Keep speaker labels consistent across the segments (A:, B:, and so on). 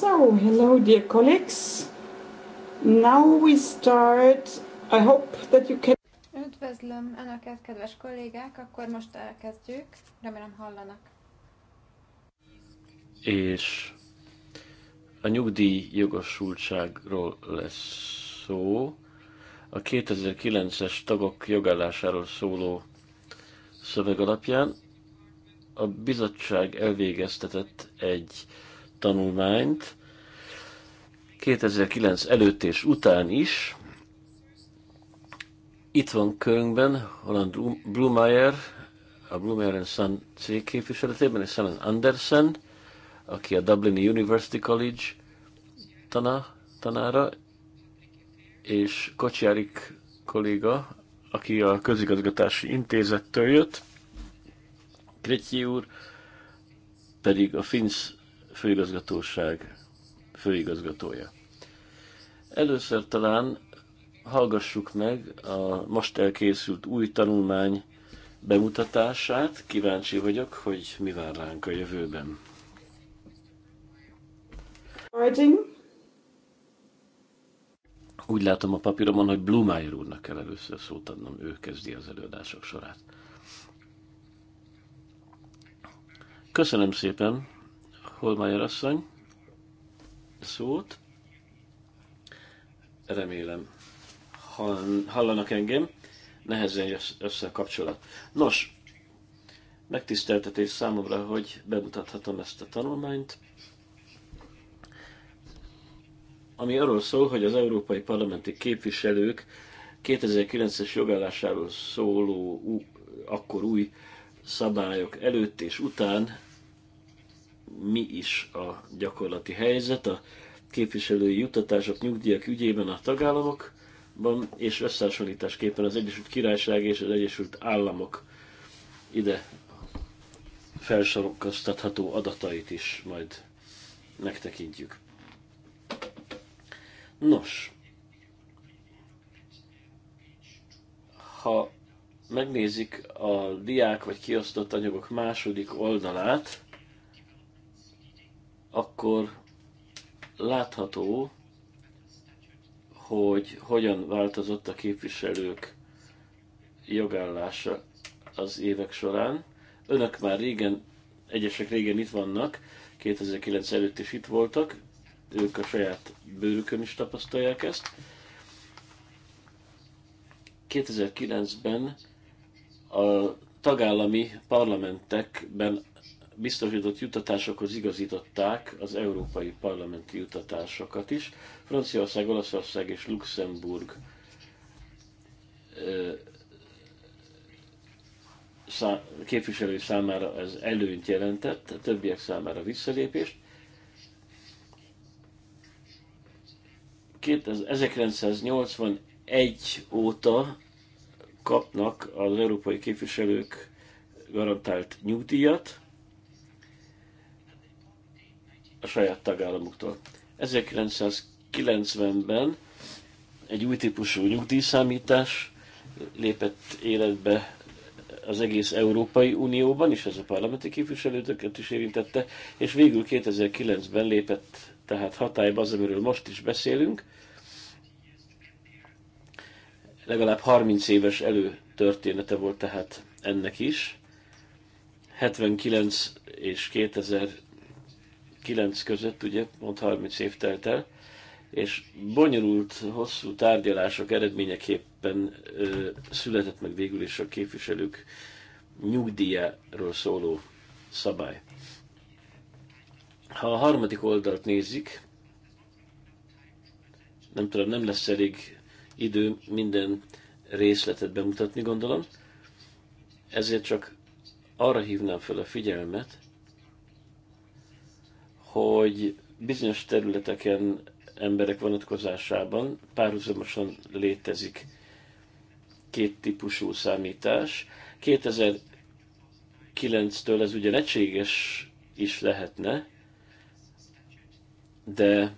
A: So, hello dear colleagues. Now we start. I hope that you can... Üdvözlöm Önöket, kedves kollégák, akkor most elkezdjük. Remélem hallanak.
B: És a nyugdíj jogosultságról lesz szó. A 2009-es tagok jogállásáról szóló szöveg alapján a bizottság elvégeztetett egy tanulmányt 2009 előtt és után is. Itt van körünkben Holland Blumeyer, a Blumeyer Sun cég képviseletében, és Simon Andersen, aki a Dublini University College taná, tanára, és Kocsiárik kolléga, aki a közigazgatási intézettől jött, Kretyi úr pedig a Finsz főigazgatóság főigazgatója. Először talán hallgassuk meg a most elkészült új tanulmány bemutatását. Kíváncsi vagyok, hogy mi vár ránk a jövőben. Úgy látom a papíromon, hogy Blumeyer úrnak kell először szót adnom, ő kezdi az előadások sorát. Köszönöm szépen! Holmajer asszony szót. Remélem hallanak engem. Nehezen össze a kapcsolat. Nos, megtiszteltetés számomra, hogy bemutathatom ezt a tanulmányt, ami arról szól, hogy az európai parlamenti képviselők 2009-es jogállásáról szóló akkor új szabályok előtt és után mi is a gyakorlati helyzet a képviselői juttatások, nyugdíjak ügyében a tagállamokban, és összehasonlításképpen az Egyesült Királyság és az Egyesült Államok ide felsorolkoztatható adatait is majd megtekintjük. Nos, ha megnézik a diák vagy kiosztott anyagok második oldalát, akkor látható, hogy hogyan változott a képviselők jogállása az évek során. Önök már régen, egyesek régen itt vannak, 2009 előtt is itt voltak, ők a saját bőrükön is tapasztalják ezt. 2009-ben a tagállami parlamentekben biztosított juttatásokhoz igazították az európai parlamenti juttatásokat is. Franciaország, Olaszország és Luxemburg képviselői számára ez előnyt jelentett, a többiek számára visszalépést. 1981 óta kapnak az európai képviselők garantált nyugdíjat, a saját tagállamuktól. 1990-ben egy új típusú nyugdíjszámítás lépett életbe az egész Európai Unióban, és ez a parlamenti képviselőtöket is érintette, és végül 2009-ben lépett tehát hatályba az, amiről most is beszélünk, legalább 30 éves előtörténete volt tehát ennek is. 79 és 2000 9 között, ugye, pont 30 év telt el, és bonyolult, hosszú tárgyalások eredményeképpen ö, született meg végül is a képviselők nyugdíjáról szóló szabály. Ha a harmadik oldalt nézik, nem tudom, nem lesz elég idő minden részletet bemutatni, gondolom, ezért csak arra hívnám fel a figyelmet, hogy bizonyos területeken emberek vonatkozásában párhuzamosan létezik két típusú számítás. 2009-től ez ugye egységes is lehetne, de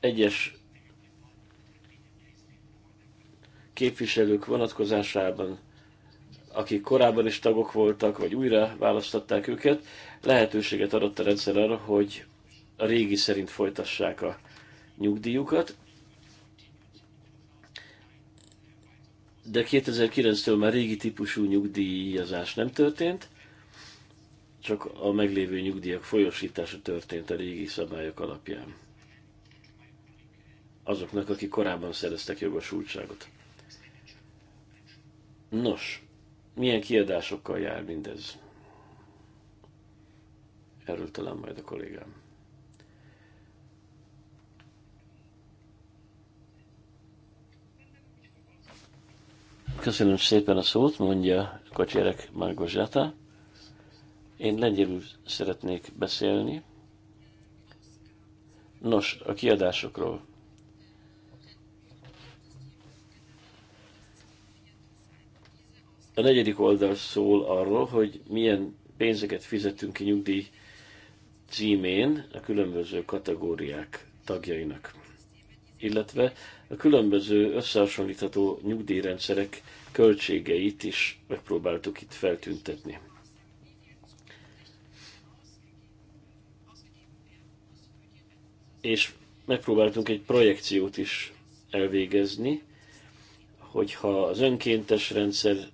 B: egyes képviselők vonatkozásában akik korábban is tagok voltak, vagy újra választották őket, lehetőséget adott a rendszer arra, hogy a régi szerint folytassák a nyugdíjukat. De 2009-től már régi típusú nyugdíjazás nem történt, csak a meglévő nyugdíjak folyosítása történt a régi szabályok alapján. Azoknak, akik korábban szereztek jogosultságot. Nos, milyen kiadásokkal jár mindez. Erről talán majd a kollégám. Köszönöm szépen a szót, mondja Kocsérek Margozsáta. Én lengyelül szeretnék beszélni. Nos, a kiadásokról. A negyedik oldal szól arról, hogy milyen pénzeket fizetünk ki nyugdíj címén a különböző kategóriák tagjainak, illetve a különböző összehasonlítható nyugdíjrendszerek költségeit is megpróbáltuk itt feltüntetni. És megpróbáltunk egy projekciót is elvégezni, hogyha az önkéntes rendszer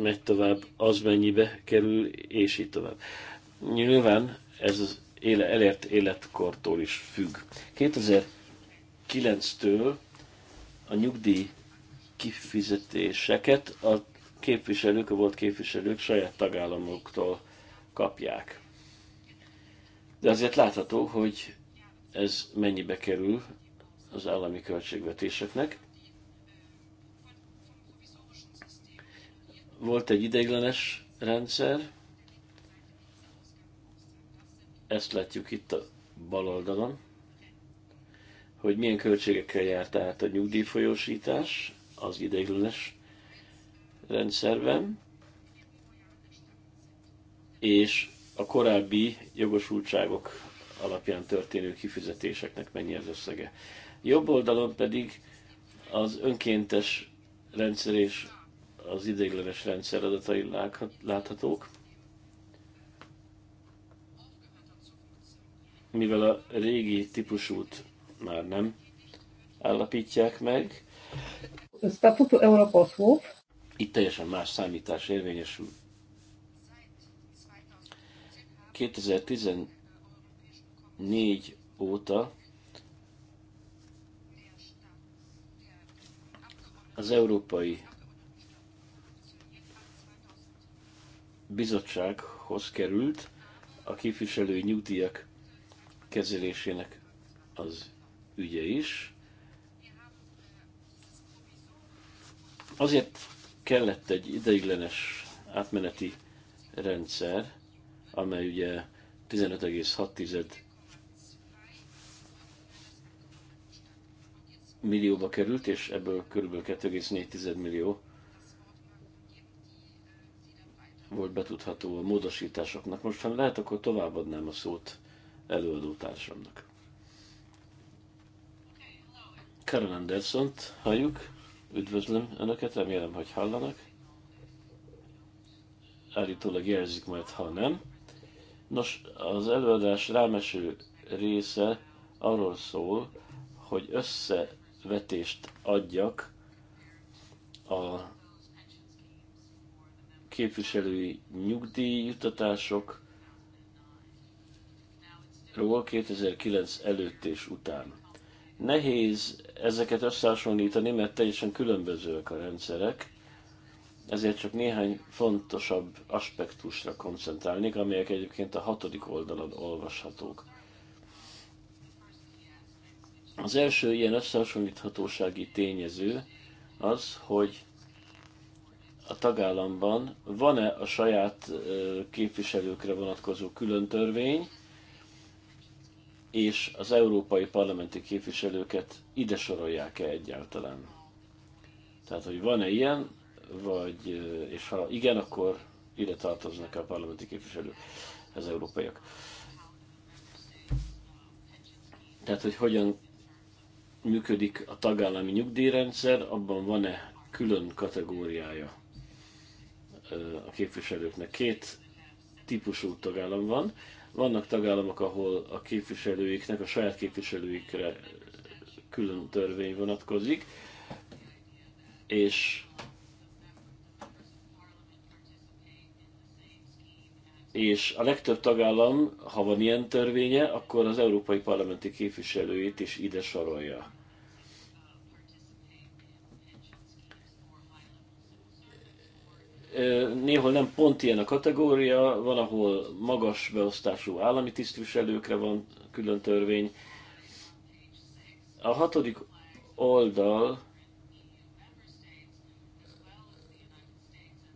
B: megy tovább, az mennyibe kerül, és így tovább. Nyilván ez az éle, elért életkortól is függ. 2009-től a nyugdíj kifizetéseket a képviselők, a volt képviselők saját tagállamoktól kapják. De azért látható, hogy ez mennyibe kerül az állami költségvetéseknek. Volt egy ideiglenes rendszer, ezt látjuk itt a bal oldalon, hogy milyen költségekkel járt át a nyugdíjfolyósítás az ideiglenes rendszerben, és a korábbi jogosultságok alapján történő kifizetéseknek mennyi az összege. Jobb oldalon pedig az önkéntes rendszer és az ideiglenes rendszer adatai láthatók. Mivel a régi típusút már nem állapítják meg, Itt teljesen más számítás érvényesül. 2014 óta az európai bizottsághoz került a képviselői nyugdíjak kezelésének az ügye is. Azért kellett egy ideiglenes átmeneti rendszer, amely ugye 15,6 millióba került, és ebből kb. 2,4 millió volt betudható a módosításoknak. Most, ha lehet, akkor továbbadnám a szót előadó társamnak. Karen anderson halljuk, üdvözlöm Önöket, remélem, hogy hallanak. Állítólag jelzik majd, ha nem. Nos, az előadás rámeső része arról szól, hogy összevetést adjak a képviselői nyugdíjjutatások, ról 2009 előtt és után. Nehéz ezeket összehasonlítani, mert teljesen különbözőek a rendszerek, ezért csak néhány fontosabb aspektusra koncentrálnék, amelyek egyébként a hatodik oldalon olvashatók. Az első ilyen összehasonlíthatósági tényező az, hogy a tagállamban van-e a saját képviselőkre vonatkozó külön törvény, és az európai parlamenti képviselőket ide sorolják-e egyáltalán? Tehát, hogy van-e ilyen, vagy, és ha igen, akkor ide tartoznak a parlamenti képviselők, az európaiak. Tehát, hogy hogyan működik a tagállami nyugdíjrendszer, abban van-e külön kategóriája a képviselőknek. Két típusú tagállam van. Vannak tagállamok, ahol a képviselőiknek, a saját képviselőikre külön törvény vonatkozik, és és a legtöbb tagállam, ha van ilyen törvénye, akkor az európai parlamenti képviselőit is ide sorolja. néhol nem pont ilyen a kategória, van, ahol magas beosztású állami tisztviselőkre van külön törvény. A hatodik oldal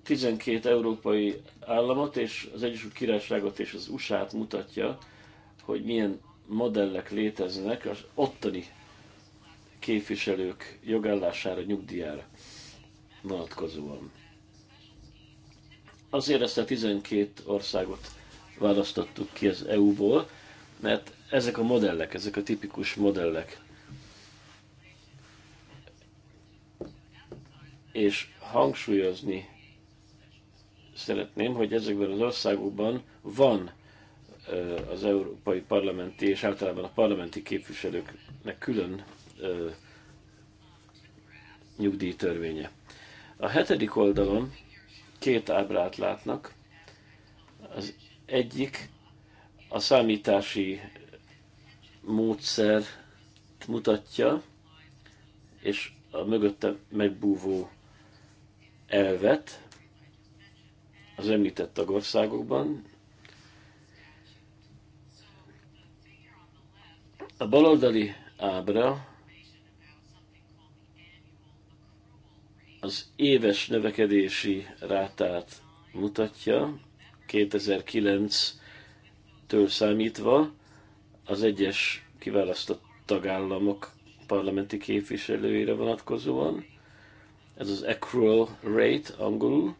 B: 12 európai államot és az Egyesült Királyságot és az USA-t mutatja, hogy milyen modellek léteznek az ottani képviselők jogállására, nyugdíjára vonatkozóan. Azért ezt a 12 országot választottuk ki az EU-ból, mert ezek a modellek, ezek a tipikus modellek. És hangsúlyozni szeretném, hogy ezekben az országokban van az európai parlamenti és általában a parlamenti képviselőknek külön nyugdíjtörvénye. A hetedik oldalon két ábrát látnak. Az egyik a számítási módszer mutatja, és a mögötte megbúvó elvet az említett tagországokban. A baloldali ábra az éves növekedési rátát mutatja, 2009-től számítva az egyes kiválasztott tagállamok parlamenti képviselőire vonatkozóan. Ez az accrual rate angolul,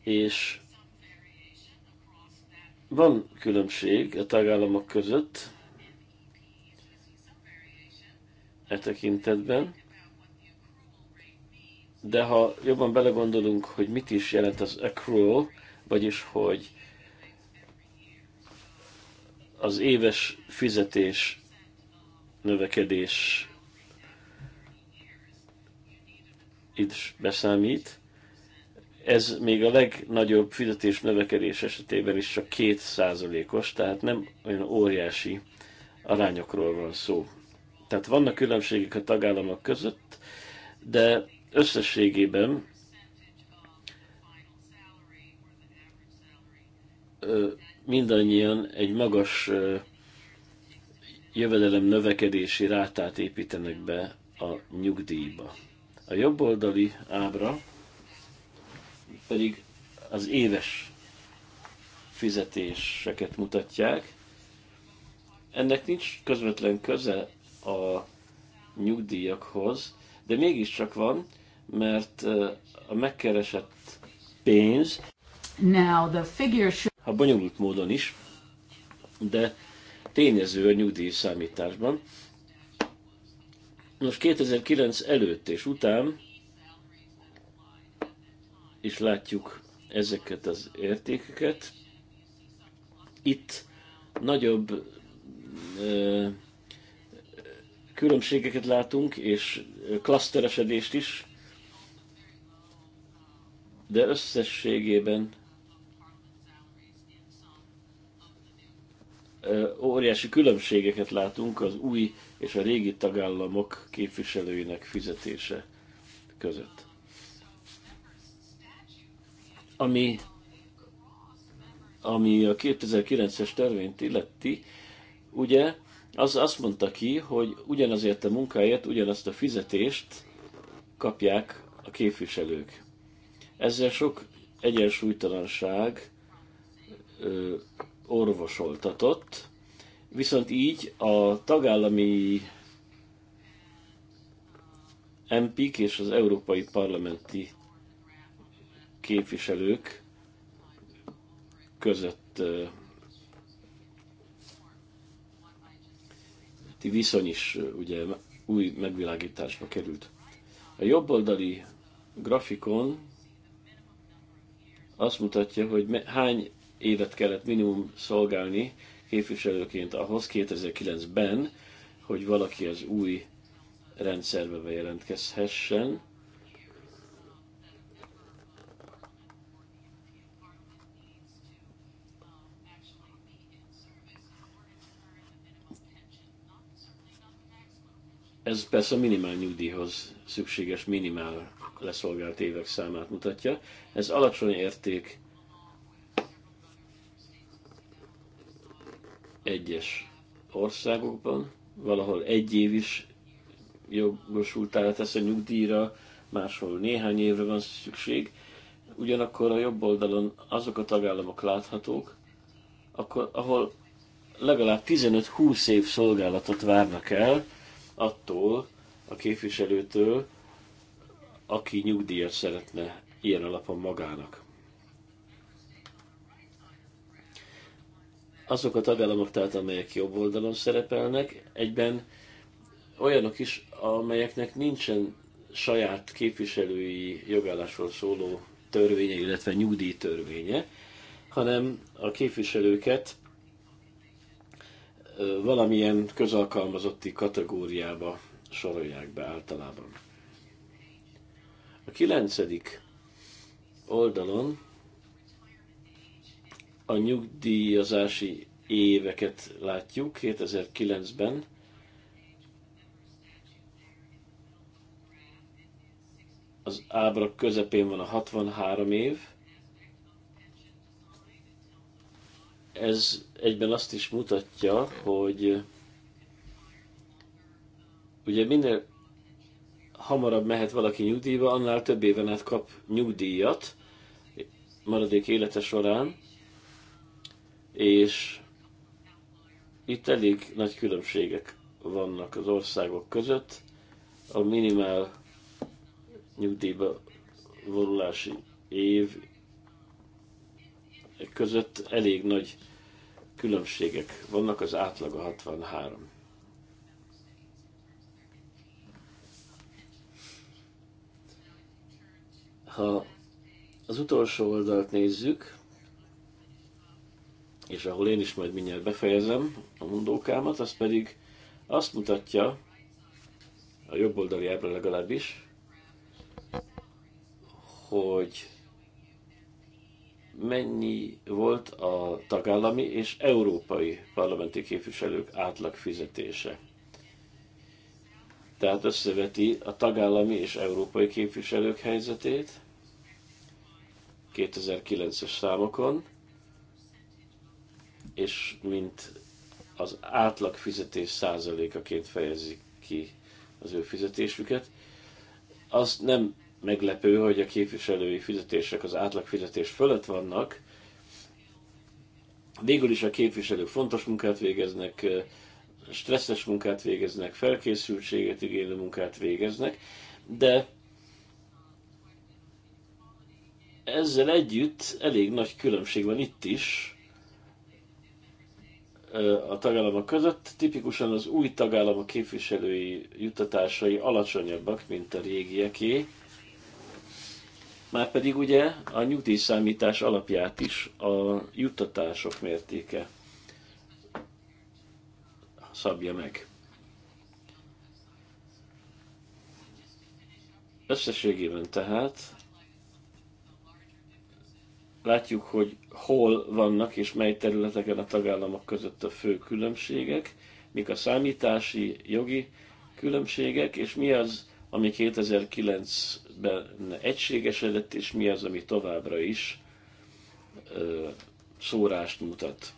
B: és van különbség a tagállamok között e tekintetben, de ha jobban belegondolunk, hogy mit is jelent az accrual, vagyis hogy az éves fizetés növekedés is beszámít, ez még a legnagyobb fizetés növekedés esetében is csak két os tehát nem olyan óriási arányokról van szó. Tehát vannak különbségek a tagállamok között, de összességében mindannyian egy magas jövedelem növekedési rátát építenek be a nyugdíjba. A jobboldali ábra pedig az éves fizetéseket mutatják. Ennek nincs közvetlen köze a nyugdíjakhoz, de mégiscsak van, mert a megkeresett pénz Now the figure should... ha bonyolult módon is, de tényező a nyugdíj számításban. Nos, 2009 előtt és után is látjuk ezeket az értékeket. Itt nagyobb ö, különbségeket látunk, és klaszteresedést is, de összességében óriási különbségeket látunk az új és a régi tagállamok képviselőinek fizetése között. Ami, ami a 2009-es törvényt illeti, ugye az azt mondta ki, hogy ugyanazért a munkáért ugyanazt a fizetést kapják a képviselők. Ezzel sok egyensúlytalanság ö, orvosoltatott, viszont így a tagállami MP-k és az európai parlamenti képviselők között ö, viszony is ugye új megvilágításba került. A jobboldali grafikon azt mutatja, hogy hány évet kellett minimum szolgálni képviselőként ahhoz 2009-ben, hogy valaki az új rendszerbe bejelentkezhessen. Ez persze a minimál nyugdíjhoz szükséges minimál leszolgált évek számát mutatja. Ez alacsony érték egyes országokban, valahol egy év is jogosultára tesz a nyugdíjra, máshol néhány évre van szükség. Ugyanakkor a jobb oldalon azok a tagállamok láthatók, akkor, ahol legalább 15-20 év szolgálatot várnak el attól a képviselőtől, aki nyugdíjat szeretne ilyen alapon magának. Azok a tagállamok tehát, amelyek jobb oldalon szerepelnek, egyben olyanok is, amelyeknek nincsen saját képviselői jogállásról szóló törvénye, illetve nyugdíjtörvénye, hanem a képviselőket valamilyen közalkalmazotti kategóriába sorolják be általában. A kilencedik oldalon a nyugdíjazási éveket látjuk 2009-ben, az ábra közepén van a 63 év. Ez egyben azt is mutatja, hogy ugye minél hamarabb mehet valaki nyugdíjba, annál több éven át kap nyugdíjat maradék élete során, és itt elég nagy különbségek vannak az országok között. A minimál nyugdíjba vonulási év között elég nagy különbségek vannak, az átlag a 63. Ha az utolsó oldalt nézzük, és ahol én is majd mindjárt befejezem a mondókámat, az pedig azt mutatja, a jobb oldali ábra legalábbis, hogy mennyi volt a tagállami és európai parlamenti képviselők átlag fizetése. Tehát összeveti a tagállami és európai képviselők helyzetét, 2009-es számokon, és mint az átlag fizetés százalékaként fejezik ki az ő fizetésüket. Az nem meglepő, hogy a képviselői fizetések az átlag fizetés fölött vannak. Végül is a képviselők fontos munkát végeznek, stresszes munkát végeznek, felkészültséget igénylő munkát végeznek, de ezzel együtt elég nagy különbség van itt is a tagállamok között. Tipikusan az új tagállamok képviselői juttatásai alacsonyabbak, mint a régieké. Márpedig ugye a nyugdíjszámítás alapját is a juttatások mértéke szabja meg. Összességében tehát látjuk, hogy hol vannak és mely területeken a tagállamok között a fő különbségek, mik a számítási, jogi különbségek, és mi az, ami 2009-ben egységesedett, és mi az, ami továbbra is ö, szórást mutat.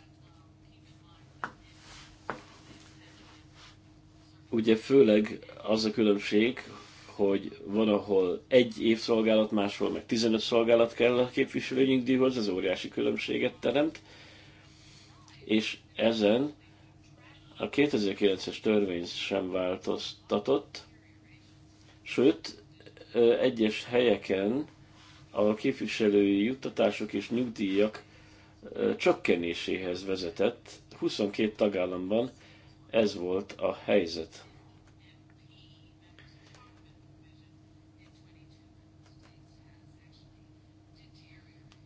B: Ugye főleg az a különbség, hogy van, ahol egy év szolgálat, máshol meg 15 szolgálat kell a díjhoz, ez óriási különbséget teremt, és ezen a 2009-es törvény sem változtatott, sőt, egyes helyeken a képviselői juttatások és nyugdíjak csökkenéséhez vezetett. 22 tagállamban ez volt a helyzet.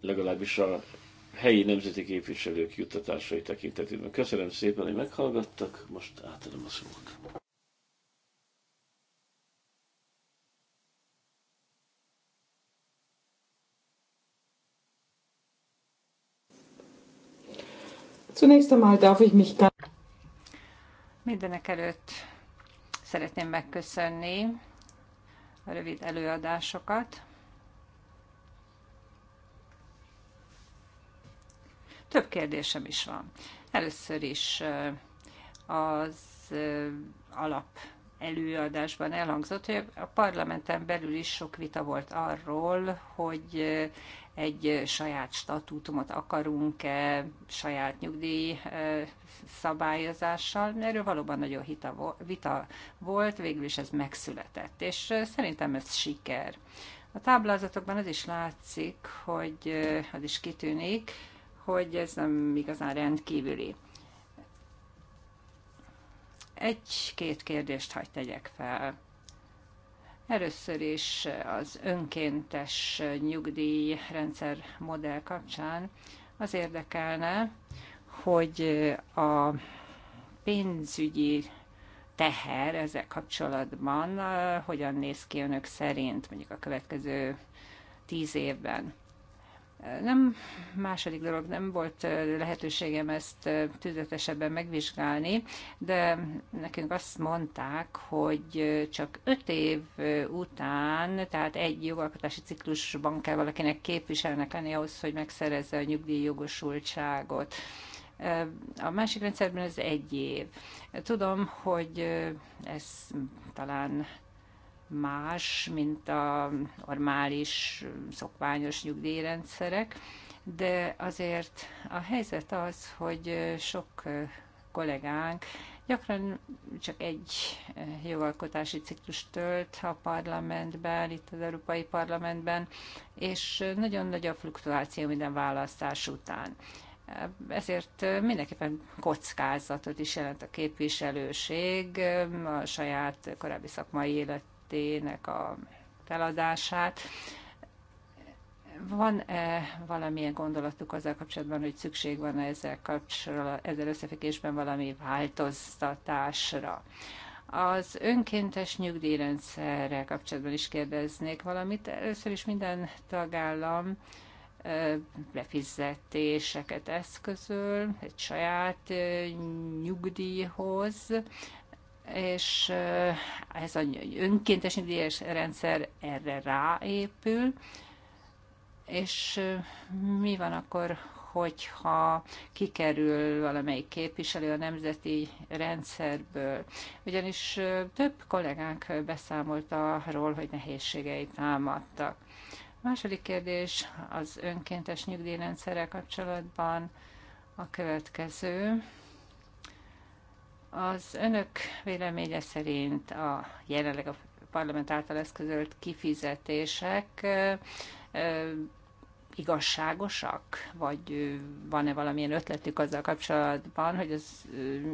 B: legalábbis a helyi nemzeti képviselők juttatásai tekintetében. Köszönöm szépen, hogy meghallgattak, most átadom a szót.
C: Zunächst einmal darf ich mich Mindenek előtt szeretném megköszönni a rövid előadásokat. Több kérdésem is van. Először is az alap előadásban elhangzott, hogy a parlamenten belül is sok vita volt arról, hogy egy saját statútumot akarunk-e saját nyugdíj szabályozással. Erről valóban nagyon hita, vita volt, végül is ez megszületett, és szerintem ez siker. A táblázatokban az is látszik, hogy az is kitűnik, hogy ez nem igazán rendkívüli. Egy-két kérdést hagy tegyek fel. Először is az önkéntes nyugdíjrendszer modell kapcsán az érdekelne, hogy a pénzügyi teher ezzel kapcsolatban eh, hogyan néz ki önök szerint mondjuk a következő tíz évben. Nem, második dolog, nem volt lehetőségem ezt tüzetesebben megvizsgálni, de nekünk azt mondták, hogy csak öt év után, tehát egy jogalkotási ciklusban kell valakinek képviselnek lenni ahhoz, hogy megszerezze a nyugdíjjogosultságot. A másik rendszerben ez egy év. Tudom, hogy ez talán más, mint a normális, szokványos nyugdíjrendszerek, de azért a helyzet az, hogy sok kollégánk gyakran csak egy jogalkotási ciklus tölt a parlamentben, itt az Európai Parlamentben, és nagyon nagy a fluktuáció minden választás után. Ezért mindenképpen kockázatot is jelent a képviselőség a saját korábbi szakmai élet ZRT-nek a feladását. Van-e valamilyen gondolatuk azzal kapcsolatban, hogy szükség van -e ezzel, kapcsolatban, ezzel összefüggésben valami változtatásra? Az önkéntes nyugdíjrendszerrel kapcsolatban is kérdeznék valamit. Először is minden tagállam befizetéseket eszközöl egy saját nyugdíjhoz, és eh, ez az önkéntes nyugdíjas rendszer erre ráépül, és eh, mi van akkor, hogyha kikerül valamelyik képviselő a nemzeti rendszerből. Ugyanis eh, több kollégánk beszámolt arról, hogy nehézségei támadtak. A második kérdés az önkéntes nyugdíjrendszerrel kapcsolatban a következő. Az önök véleménye szerint a jelenleg a parlament által eszközölt kifizetések igazságosak, vagy van-e valamilyen ötletük azzal kapcsolatban, hogy ez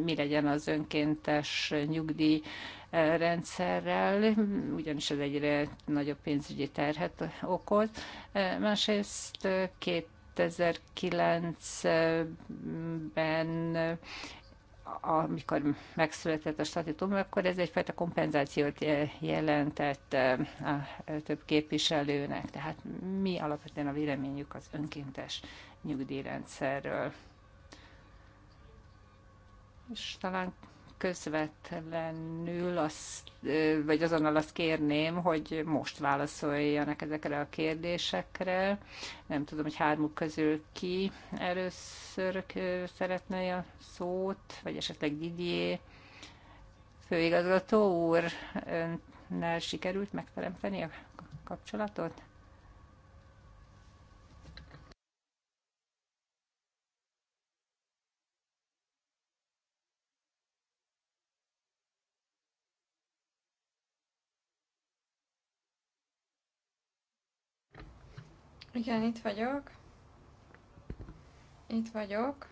C: mi legyen az önkéntes nyugdíj rendszerrel, ugyanis ez egyre nagyobb pénzügyi terhet okoz. Másrészt két 2009-ben amikor megszületett a statitum, akkor ez egyfajta kompenzációt jelentett a több képviselőnek. Tehát mi alapvetően a véleményük az önkéntes nyugdíjrendszerről. És talán közvetlenül azt, vagy azonnal azt kérném, hogy most válaszoljanak ezekre a kérdésekre. Nem tudom, hogy hármuk közül ki először szeretne a szót, vagy esetleg Didier. Főigazgató úr, önnel sikerült megteremteni a kapcsolatot?
A: Igen, itt vagyok. Itt vagyok.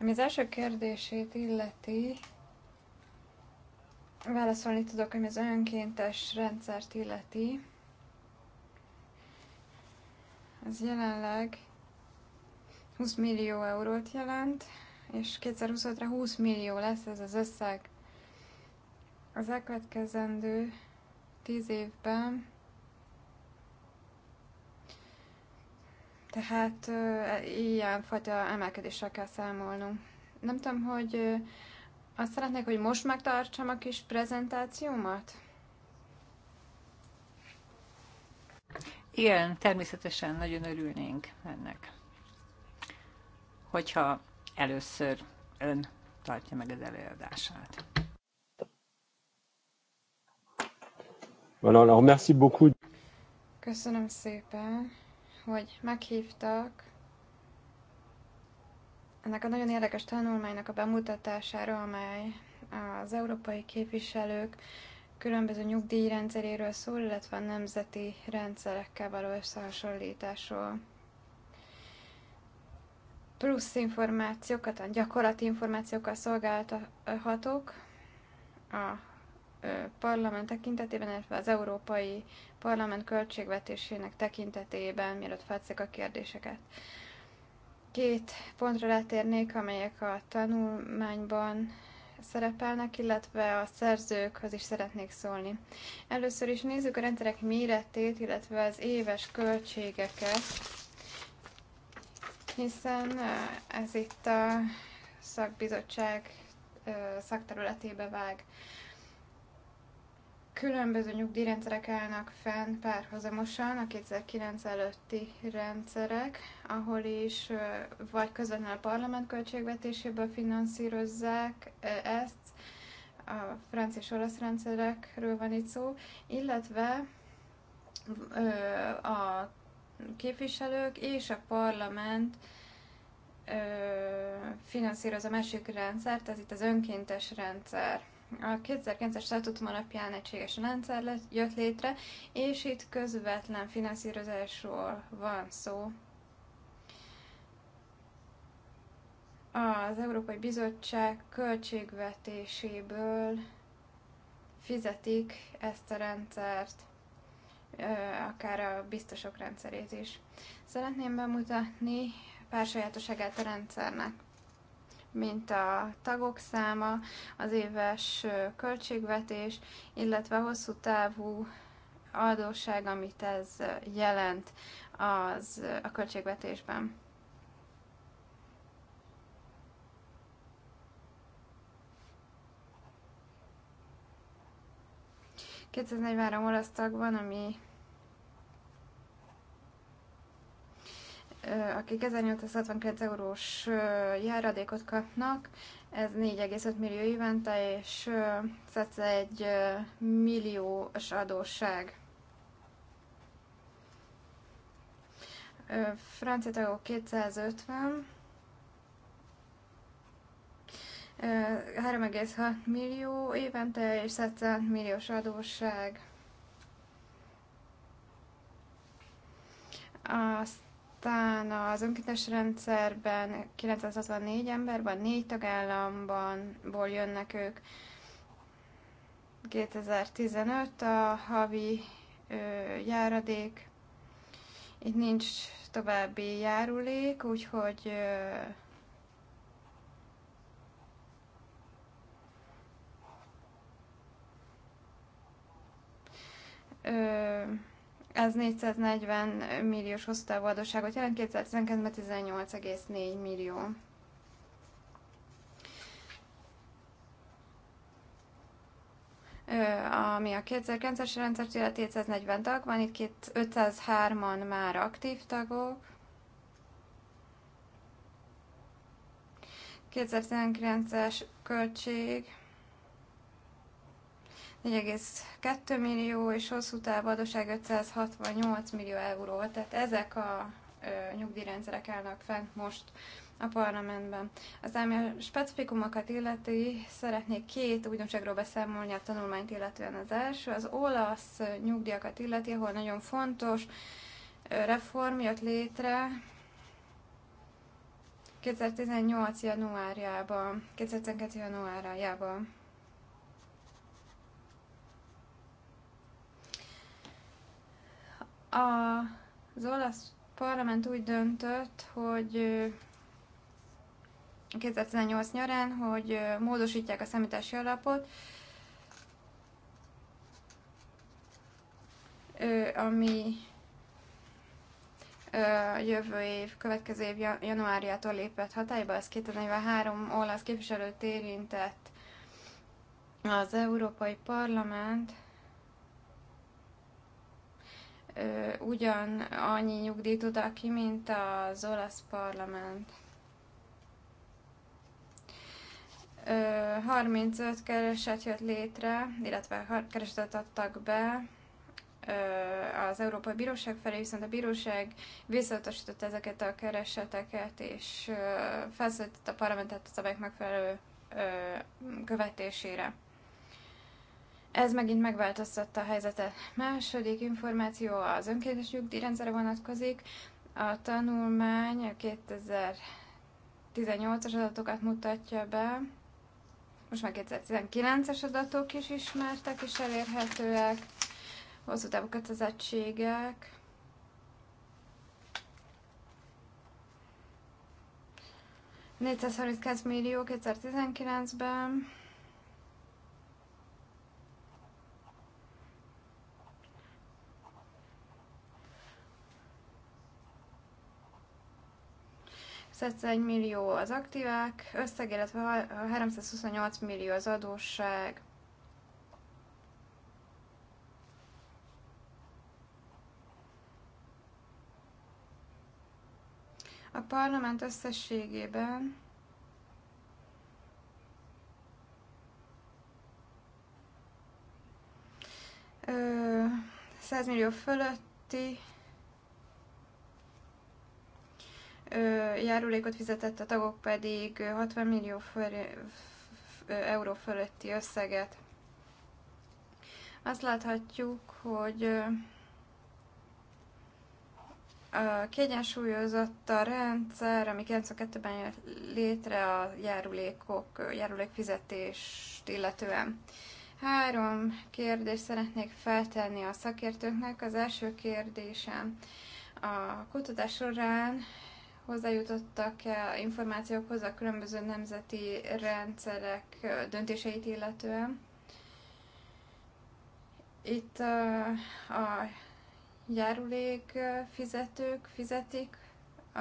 A: Ami az első kérdését illeti, válaszolni tudok, ami az önkéntes rendszert illeti. Ez jelenleg 20 millió eurót jelent, és 2025-re 20 millió lesz ez az összeg. Az elkövetkezendő 10 évben Tehát e, ilyen fajta emelkedéssel kell számolnunk. Nem tudom, hogy azt szeretnék, hogy most megtartsam a kis prezentációmat?
C: Igen, természetesen nagyon örülnénk ennek, hogyha először ön tartja meg az előadását.
B: Voilà, alors merci beaucoup.
A: Köszönöm szépen hogy meghívtak ennek a nagyon érdekes tanulmánynak a bemutatására, amely az európai képviselők különböző nyugdíjrendszeréről szól, illetve a nemzeti rendszerekkel való összehasonlításról. Plusz információkat, a gyakorlati információkkal szolgálhatok a Parlament tekintetében, illetve az Európai Parlament költségvetésének tekintetében, mielőtt felszik a kérdéseket. Két pontra rátérnék, amelyek a tanulmányban szerepelnek, illetve a szerzőkhöz is szeretnék szólni. Először is nézzük a rendszerek méretét, illetve az éves költségeket, hiszen ez itt a szakbizottság szakterületébe vág különböző nyugdíjrendszerek állnak fenn párhuzamosan, a 2009 előtti rendszerek, ahol is vagy közvetlenül a parlament költségvetéséből finanszírozzák ezt, a francia és olasz rendszerekről van itt szó, illetve a képviselők és a parlament finanszíroz a másik rendszert, ez itt az önkéntes rendszer a 2009-es statutum alapján egységes rendszer lett, jött létre, és itt közvetlen finanszírozásról van szó. Az Európai Bizottság költségvetéséből fizetik ezt a rendszert, akár a biztosok rendszerét is. Szeretném bemutatni pár sajátosságát a rendszernek mint a tagok száma, az éves költségvetés, illetve hosszú távú adósság, amit ez jelent az, a költségvetésben. Kétszáznegyvárom olasz tag van, ami akik 1869 eurós járadékot kapnak, ez 4,5 millió évente, és egy milliós adósság. Francia tagok 250, 3,6 millió évente, és 100 milliós adósság. Azt aztán az önkéntes rendszerben 964 ember van, négy tagállamban ból jönnek ők. 2015 a havi ö, járadék. Itt nincs további járulék, úgyhogy ö, Uh... Ez 440 milliós távú adósságot jelent, 2019-ben 18,4 millió. ami a 2009-es rendszer, illeti 740 tag van, itt 503-an már aktív tagok. 2019-es költség 4,2 millió és hosszú táv adóság 568 millió euró. Tehát ezek a ö, nyugdíjrendszerek állnak fent most a parlamentben. Az ami a specifikumokat illeti, szeretnék két újdonságról beszámolni a tanulmányt illetően az első. Az olasz nyugdíjakat illeti, ahol nagyon fontos reform jött létre 2018. januárjában, 2012. januárjában az olasz parlament úgy döntött, hogy 2018 nyarán, hogy módosítják a számítási alapot, ami jövő év, következő év januárjától lépett hatályba, ez 2043 olasz képviselőt érintett az Európai Parlament, ugyan annyi nyugdíj tud aki, mint az olasz parlament. 35 kereset jött létre, illetve keresetet adtak be az Európai Bíróság felé, viszont a bíróság visszautasította ezeket a kereseteket, és felszólította a parlamentet a szabályok megfelelő követésére. Ez megint megváltoztatta a helyzetet. Második információ az önkéntes nyugdíjrendszerre vonatkozik. A tanulmány 2018-as adatokat mutatja be. Most már 2019-es adatok is ismertek és elérhetőek. Hosszú távú kötelezettségek. millió 2019-ben 101 millió az aktívák összeg, illetve 328 millió az adósság. A parlament összességében ö, 100 millió fölötti járulékot fizetett, a tagok pedig 60 millió föl, euró fölötti összeget. Azt láthatjuk, hogy a kiegyensúlyozott a rendszer, ami 92-ben jött létre a járulékok, járulékfizetést illetően. Három kérdést szeretnék feltenni a szakértőknek. Az első kérdésem a kutatás során hozzájutottak-e információkhoz a különböző nemzeti rendszerek döntéseit illetően. Itt a járulék fizetők fizetik a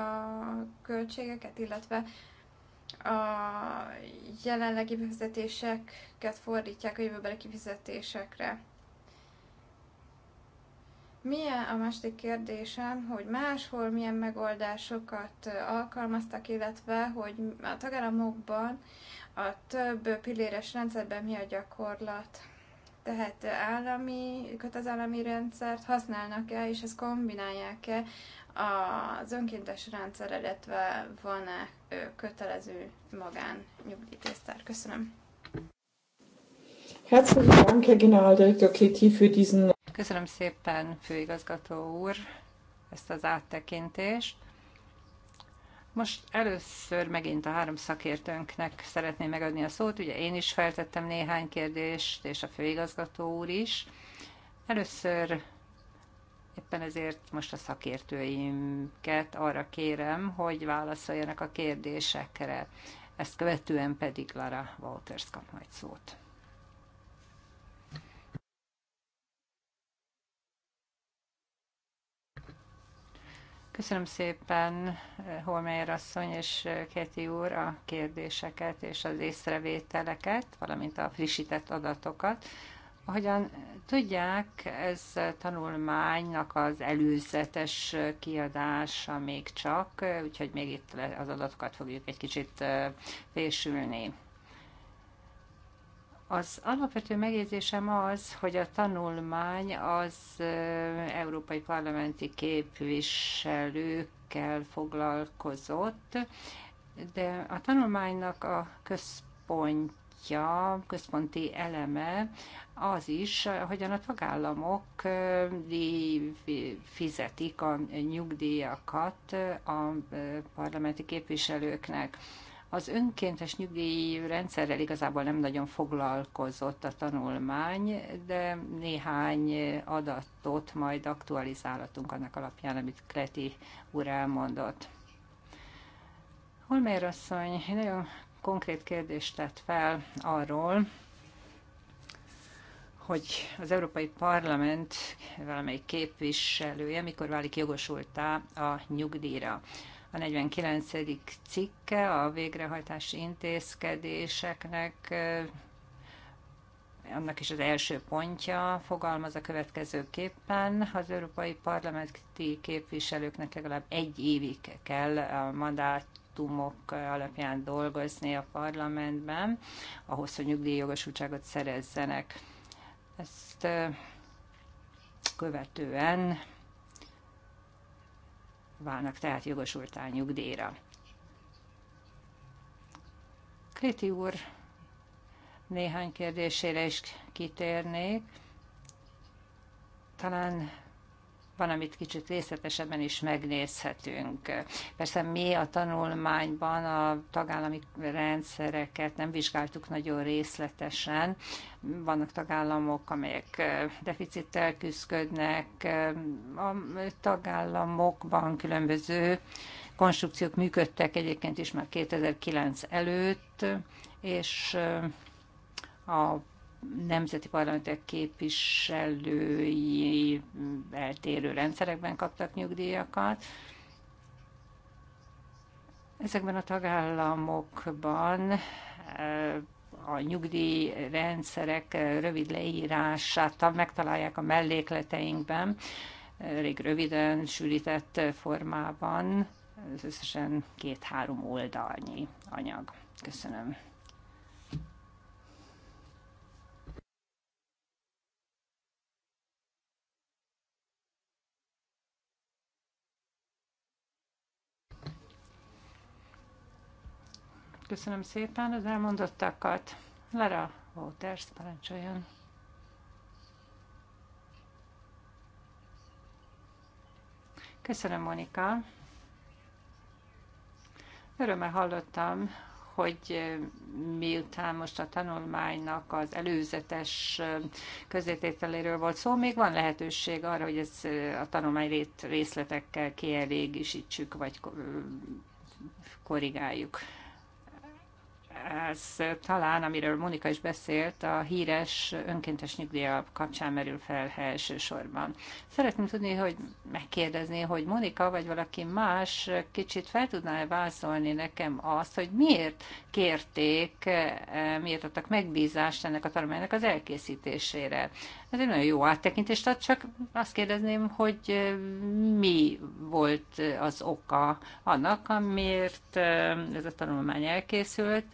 A: költségeket, illetve a jelenlegi befizetéseket fordítják a jövőbeli kifizetésekre. Milyen a második kérdésem, hogy máshol milyen megoldásokat alkalmaztak, illetve hogy a tagállamokban a több pilléres rendszerben mi a gyakorlat? Tehát állami, állami rendszert használnak-e, és ezt kombinálják-e az önkéntes rendszer, illetve van-e kötelező magán nyugdíjtésztár? Köszönöm.
C: Herzlichen Dank, Herr Generaldirektor Kleti, für diesen Köszönöm szépen, főigazgató úr, ezt az áttekintést. Most először megint a három szakértőnknek szeretném megadni a szót. Ugye én is feltettem néhány kérdést, és a főigazgató úr is. Először éppen ezért most a szakértőimket arra kérem, hogy válaszoljanak a kérdésekre. Ezt követően pedig Lara Walters kap majd szót. Köszönöm szépen, Holmeyer asszony és Kéti úr a kérdéseket és az észrevételeket, valamint a frissített adatokat. Ahogyan tudják, ez tanulmánynak az előzetes kiadása még csak, úgyhogy még itt az adatokat fogjuk egy kicsit fésülni. Az alapvető megjegyzésem az, hogy a tanulmány az európai parlamenti képviselőkkel foglalkozott, de a tanulmánynak a központja, központi eleme az is, hogyan a tagállamok fizetik a nyugdíjakat a parlamenti képviselőknek. Az önkéntes nyugdíj rendszerrel igazából nem nagyon foglalkozott a tanulmány, de néhány adatot majd aktualizálhatunk annak alapján, amit Kreti úr elmondott. Holmér asszony egy nagyon konkrét kérdést tett fel arról, hogy az Európai Parlament valamelyik képviselője mikor válik jogosultá a nyugdíjra. A 49. cikke a végrehajtási intézkedéseknek annak is az első pontja fogalmaz a következőképpen. Az európai parlamenti képviselőknek legalább egy évig kell a mandátumok alapján dolgozni a parlamentben, ahhoz, hogy nyugdíjjogosultságot szerezzenek. Ezt követően válnak tehát jogosultá nyugdíjra. Kriti úr néhány kérdésére is kitérnék. Talán van, amit kicsit részletesebben is megnézhetünk. Persze mi a tanulmányban a tagállami rendszereket nem vizsgáltuk nagyon részletesen. Vannak tagállamok, amelyek deficittel küzdködnek, a tagállamokban különböző konstrukciók működtek egyébként is már 2009 előtt, és a nemzeti parlamentek képviselői eltérő rendszerekben kaptak nyugdíjakat. Ezekben a tagállamokban eh, a nyugdíjrendszerek rövid leírását megtalálják a mellékleteinkben, eh, elég röviden, sűrített formában, ez összesen két-három oldalnyi anyag. Köszönöm. Köszönöm szépen az elmondottakat. Lara Waters, parancsoljon. Köszönöm, Monika. Örömmel hallottam, hogy miután most a tanulmánynak az előzetes közétételéről volt szó, még van lehetőség arra, hogy ez a tanulmány részletekkel kielégítsük, vagy korrigáljuk ez talán, amiről Monika is beszélt, a híres önkéntes nyugdíja kapcsán merül fel elsősorban. Szeretném tudni, hogy megkérdezni, hogy Monika vagy valaki más kicsit fel tudná-e vázolni nekem azt, hogy miért kérték, eh, miért adtak megbízást ennek a tanulmánynak az elkészítésére. Ez egy nagyon jó áttekintést ad, csak azt kérdezném, hogy mi volt az oka annak, amiért ez a tanulmány elkészült,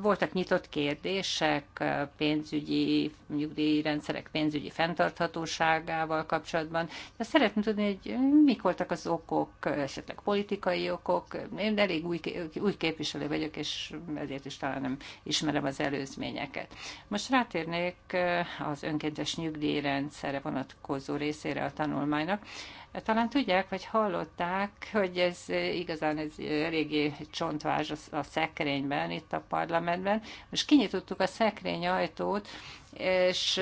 C: voltak nyitott kérdések eh, pénzügyi, nyugdíjrendszerek pénzügyi fenntarthatóságával kapcsolatban, de szeretném tudni, hogy mik voltak az okok, esetleg politikai okok. Én elég új, új képviselő vagyok, és ezért is talán nem ismerem az előzményeket. Most rátérnék eh, az önkéntes nyugdíjrendszerre vonatkozó részére a tanulmánynak. Talán tudják, vagy hallották, hogy ez igazán ez eléggé csontvázs a szekrényben, itt a parlamentben. Most kinyitottuk a szekrény ajtót, és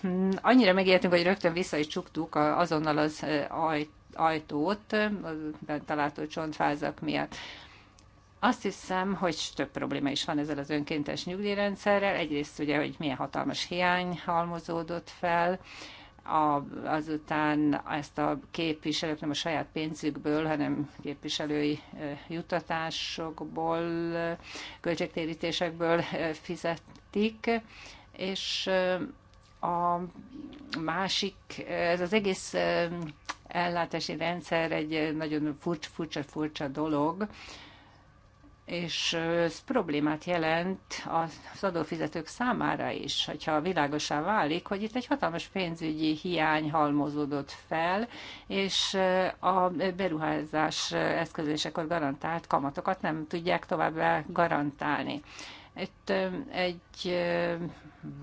C: hm, annyira megértünk, hogy rögtön vissza is csuktuk azonnal az ajtót, található csontvázak miatt. Azt hiszem, hogy több probléma is van ezzel az önkéntes nyugdíjrendszerrel. Egyrészt ugye, hogy milyen hatalmas hiány halmozódott fel, a, azután ezt a képviselők nem a saját pénzükből, hanem képviselői jutatásokból, költségtérítésekből fizetik, és a másik, ez az egész ellátási rendszer egy nagyon furcsa, furcsa, furcsa dolog, és ez problémát jelent az adófizetők számára is, hogyha világosá válik, hogy itt egy hatalmas pénzügyi hiány halmozódott fel, és a beruházás eszközésekor garantált kamatokat nem tudják továbbá garantálni. Itt egy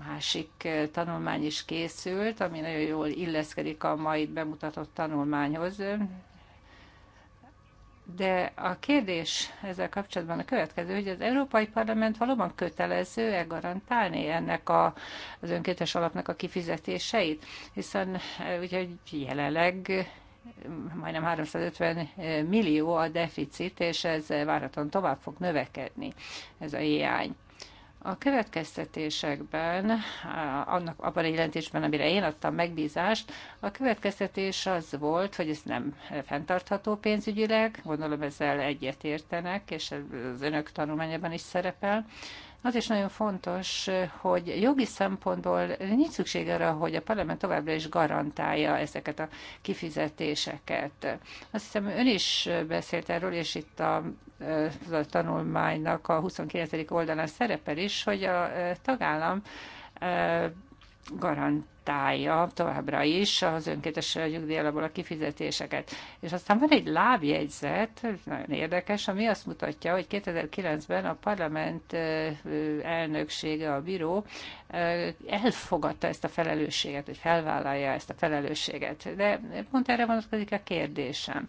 C: másik tanulmány is készült, ami nagyon jól illeszkedik a mai bemutatott tanulmányhoz. De a kérdés ezzel kapcsolatban a következő, hogy az Európai Parlament valóban kötelező-e garantálni ennek a, az önkéntes alapnak a kifizetéseit, hiszen e, ugye jelenleg majdnem 350 millió a deficit, és ez várhatóan tovább fog növekedni, ez a hiány. A következtetésekben, annak, abban a jelentésben, amire én adtam megbízást, a következtetés az volt, hogy ez nem fenntartható pénzügyileg, gondolom ezzel egyet értenek, és ez az önök tanulmányában is szerepel. Az is nagyon fontos, hogy jogi szempontból nincs szükség arra, hogy a parlament továbbra is garantálja ezeket a kifizetéseket. Azt hiszem, ön is beszélt erről, és itt a a tanulmánynak a 29. oldalán szerepel is, hogy a tagállam garantálja továbbra is az önkéntes nyugdíjalapból a kifizetéseket. És aztán van egy lábjegyzet, nagyon érdekes, ami azt mutatja, hogy 2009-ben a parlament elnöksége, a bíró elfogadta ezt a felelősséget, hogy felvállalja ezt a felelősséget. De pont erre vonatkozik a kérdésem.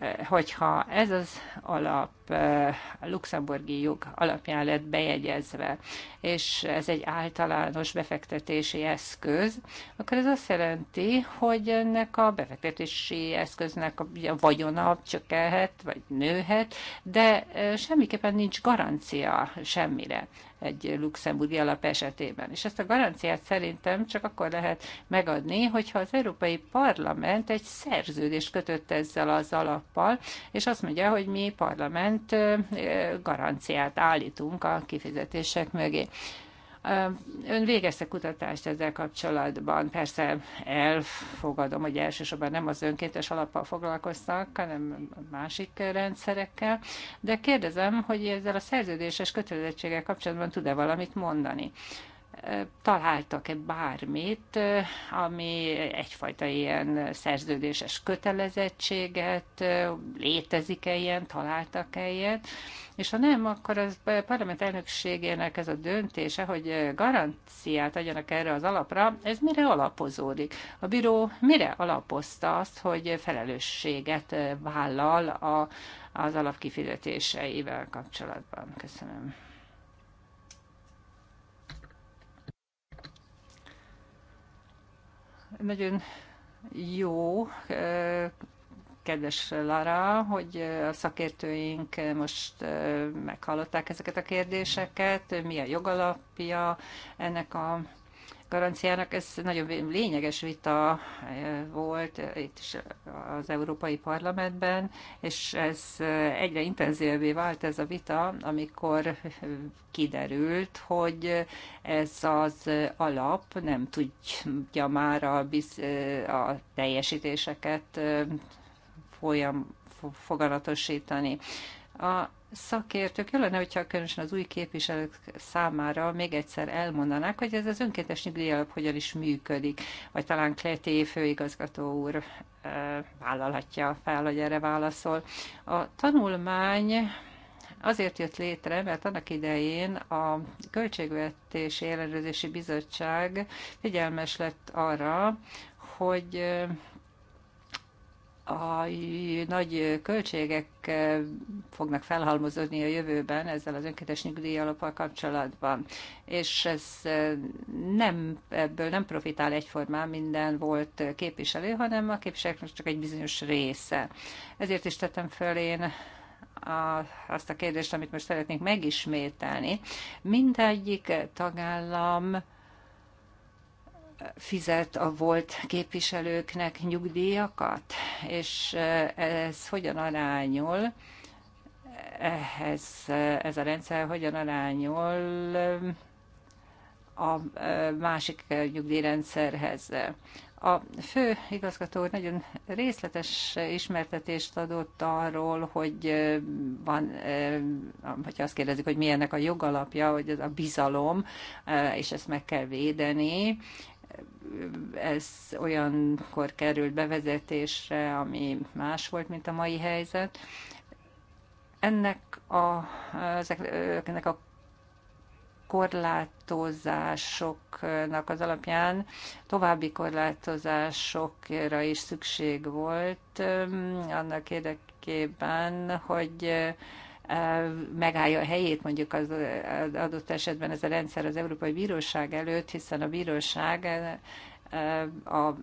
C: Eh, hogyha ez az alap eh, a luxemburgi jog alapján lett bejegyezve, és ez egy általános befektetési eszköz, akkor ez azt jelenti, hogy ennek a befektetési eszköznek a vagyona csökkenhet, vagy nőhet, de semmiképpen nincs garancia semmire egy luxemburgi alap esetében. És ezt a garanciát szerintem csak akkor lehet megadni, hogyha az Európai Parlament egy szerződést kötött ezzel az alappal, és azt mondja, hogy mi parlament garanciát állítunk a kifizetések mögé. Ön végezte kutatást ezzel kapcsolatban. Persze elfogadom, hogy elsősorban nem az önkéntes alappal foglalkoztak, hanem másik rendszerekkel, de kérdezem, hogy ezzel a szerződéses kötelezettséggel kapcsolatban tud-e valamit mondani találtak-e bármit, ami egyfajta ilyen szerződéses kötelezettséget, létezik-e ilyen, találtak-e ilyen, és ha nem, akkor az parlament elnökségének ez a döntése, hogy garanciát adjanak erre az alapra, ez mire alapozódik? A bíró mire alapozta azt, hogy felelősséget vállal a, az alapkifizetéseivel kapcsolatban? Köszönöm. nagyon jó, kedves Lara, hogy a szakértőink most meghallották ezeket a kérdéseket, mi a jogalapja ennek a garanciának. Ez nagyon lényeges vita eh, volt eh, itt is eh, az Európai Parlamentben, és ez egyre intenzívebbé vált ez a vita, amikor kiderült, hogy ez az alap nem tudja már a, biz, a teljesítéseket folyam, foganatosítani. A szakértők, jó lenne, hogyha különösen az új képviselők számára még egyszer elmondanák, hogy ez az önkéntes nyugdíjalap hogyan is működik, vagy talán Kleté főigazgató úr vállalhatja fel, hogy erre válaszol. A tanulmány azért jött létre, mert annak idején a Költségvetési Ellenőrzési Bizottság figyelmes lett arra, hogy a nagy költségek eh, fognak felhalmozódni a jövőben ezzel az önkéntes alapval kapcsolatban. És ez eh, nem, ebből nem profitál egyformán minden volt képviselő, hanem a képviselőknek csak egy bizonyos része. Ezért is tettem föl én a, azt a kérdést, amit most szeretnék megismételni. Mindegyik tagállam fizet a volt képviselőknek nyugdíjakat, és e, ez hogyan arányol, ehhez e, ez a rendszer hogyan arányol e, a másik nyugdíjrendszerhez. A fő igazgató nagyon részletes ismertetést adott arról, hogy van, hogy azt kérdezik, hogy milyennek a jogalapja, hogy ez a bizalom, és ezt meg kell védeni, ez olyankor került bevezetésre, ami más volt, mint a mai helyzet. Ennek a, ezeknek a korlátozásoknak az alapján további korlátozásokra is szükség volt um, annak érdekében, hogy megállja a helyét mondjuk az, az adott esetben ez a rendszer az Európai Bíróság előtt, hiszen a bíróság a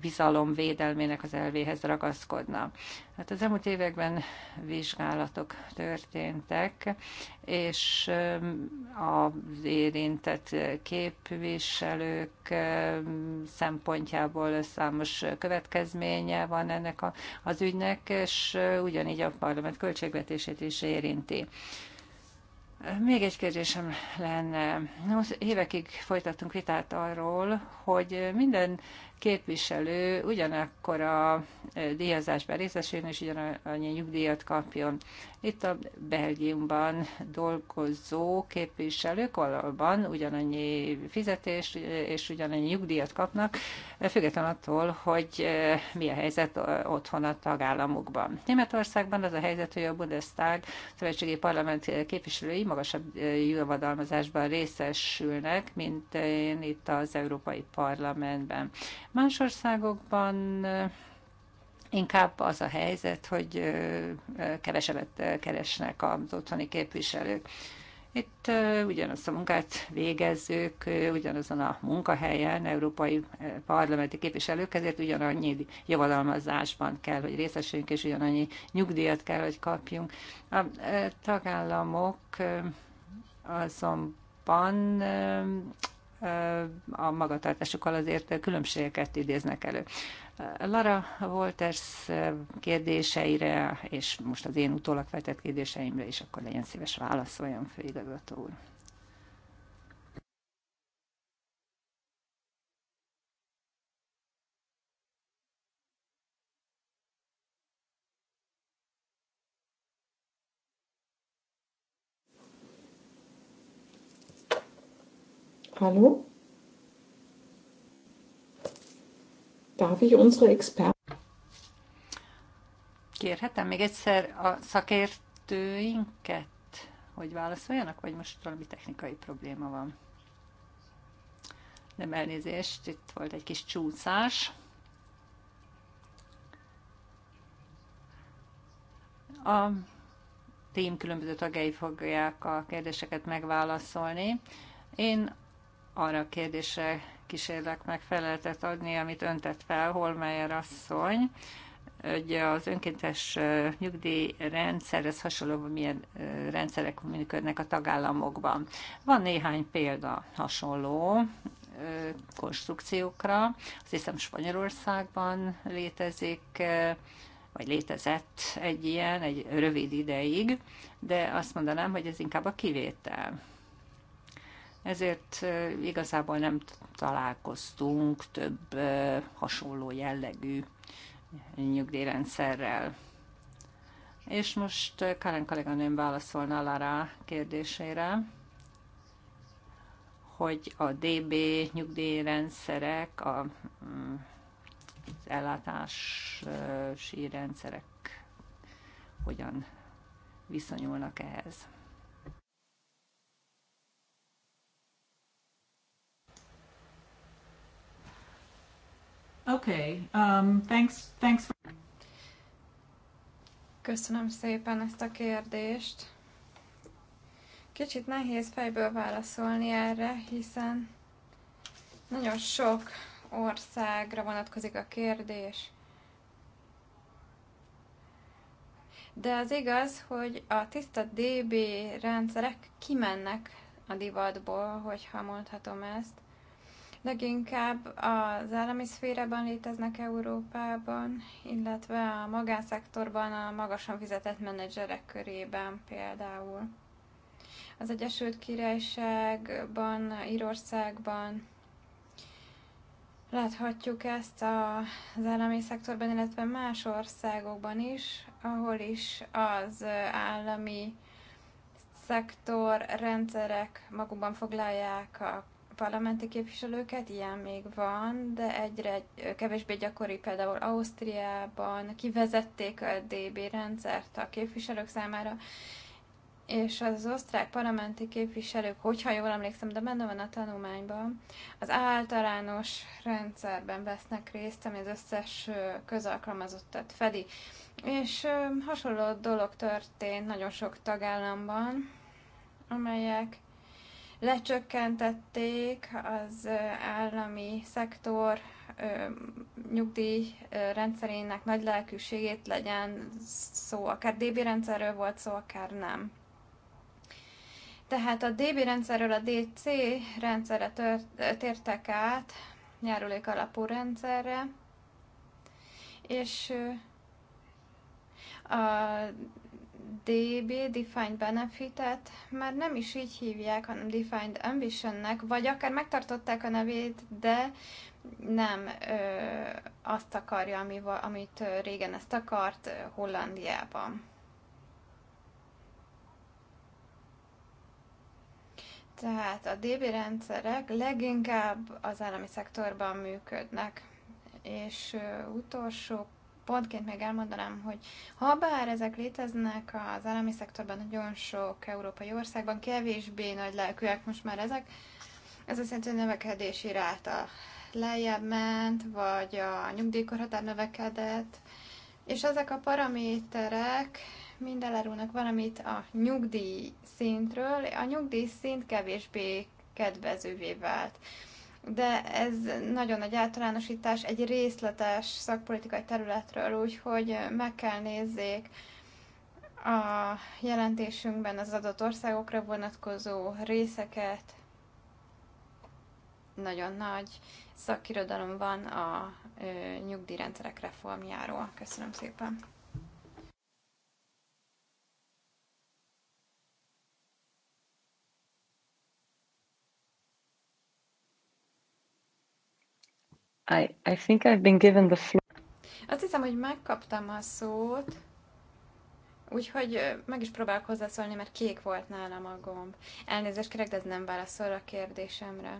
C: bizalom védelmének az elvéhez ragaszkodna. Hát az elmúlt években vizsgálatok történtek, és az érintett képviselők szempontjából számos következménye van ennek az ügynek, és ugyanígy a parlament költségvetését is érinti. Még egy kérdésem lenne. Évekig folytattunk vitát arról, hogy minden képviselő ugyanakkor a eh, díjazásban részesüljön és ugyanannyi nyugdíjat kapjon. Itt a Belgiumban dolgozó képviselők valóban ugyanannyi fizetést és ugyanannyi nyugdíjat kapnak, függetlenül attól, hogy eh, mi a helyzet otthon a tagállamukban. Németországban az a helyzet, hogy a Bundestag szövetségi parlament képviselői magasabb eh, jövadalmazásban részesülnek, mint én itt az Európai Parlamentben. Más országokban eh, Inkább az a helyzet, hogy kevesebbet keresnek az otthoni képviselők. Itt ugyanazt a munkát végezzük, ugyanazon a munkahelyen, európai parlamenti képviselők, ezért ugyanannyi javadalmazásban kell, hogy részesüljünk, és ugyanannyi nyugdíjat kell, hogy kapjunk. A tagállamok azonban a magatartásukkal azért különbségeket idéznek elő. Lara Wolters kérdéseire, és most az én utólag feltett kérdéseimre is, akkor legyen szíves válaszoljon, főigazgató úr.
A: Hallo? Darf ich unsere Experten?
C: Kérhetem még egyszer a szakértőinket, hogy válaszoljanak, vagy most valami technikai probléma van? Nem elnézést, itt volt egy kis csúszás. A team különböző tagjai fogják a kérdéseket megválaszolni. Én arra a kérdésre kísérlek meg feleletet adni, amit öntett fel Holmeyer asszony, hogy az önkéntes nyugdíjrendszerhez hasonlóan milyen rendszerek működnek a tagállamokban. Van néhány példa hasonló konstrukciókra. Azt hiszem Spanyolországban létezik, vagy létezett egy ilyen, egy rövid ideig, de azt mondanám, hogy ez inkább a kivétel ezért igazából nem találkoztunk több hasonló jellegű nyugdíjrendszerrel. És most Karen kolléganőm válaszolna Lara kérdésére, hogy a DB nyugdíjrendszerek, a, mm, az ellátási rendszerek hogyan viszonyulnak ehhez. Okay, um, thanks,
A: thanks for... Köszönöm szépen ezt a kérdést. Kicsit nehéz fejből válaszolni erre, hiszen nagyon sok országra vonatkozik a kérdés. De az igaz, hogy a tiszta DB rendszerek kimennek a divatból, hogyha mondhatom ezt leginkább az állami szférában léteznek Európában, illetve a magánszektorban a magasan fizetett menedzserek körében például. Az Egyesült Királyságban, Írországban láthatjuk ezt az állami szektorban, illetve más országokban is, ahol is az állami szektor rendszerek magukban foglalják a parlamenti képviselőket, ilyen még van, de egyre kevésbé gyakori például Ausztriában, kivezették a DB rendszert a képviselők számára, és az osztrák parlamenti képviselők, hogyha jól emlékszem, de benne van a tanulmányban, az általános rendszerben vesznek részt, ami az összes közalkalmazottat fedi. És hasonló dolog történt nagyon sok tagállamban, amelyek lecsökkentették az állami szektor nyugdíj rendszerének nagy lelkűségét legyen szó, akár DB rendszerről volt szó, akár nem. Tehát a DB rendszerről a DC rendszerre tört, tértek át, járulék alapú rendszerre, és a DB, Defined Benefitet már nem is így hívják, hanem Defined Ambitionnek, vagy akár megtartották a nevét, de nem ö, azt akarja, ami, amit régen ezt akart Hollandiában. Tehát a DB rendszerek leginkább az állami szektorban működnek. És ö, utolsó pontként még elmondanám, hogy ha bár ezek léteznek az állami szektorban nagyon sok európai országban, kevésbé nagy lelkűek most már ezek, ez azt jelenti, hogy növekedési ráta lejjebb ment, vagy a nyugdíjkorhatár növekedett, és ezek a paraméterek mind elárulnak valamit a nyugdíj szintről. A nyugdíj szint kevésbé kedvezővé vált de ez nagyon nagy általánosítás egy részletes szakpolitikai területről, úgyhogy meg kell nézzék a jelentésünkben az adott országokra vonatkozó részeket. Nagyon nagy szakirodalom van a nyugdíjrendszerek reformjáról. Köszönöm szépen!
C: I, I think I've been given the floor.
A: Azt hiszem, hogy megkaptam a szót, úgyhogy meg is próbálok hozzászólni, mert kék volt nálam a gomb. Elnézést kérek, de ez nem válaszol a kérdésemre.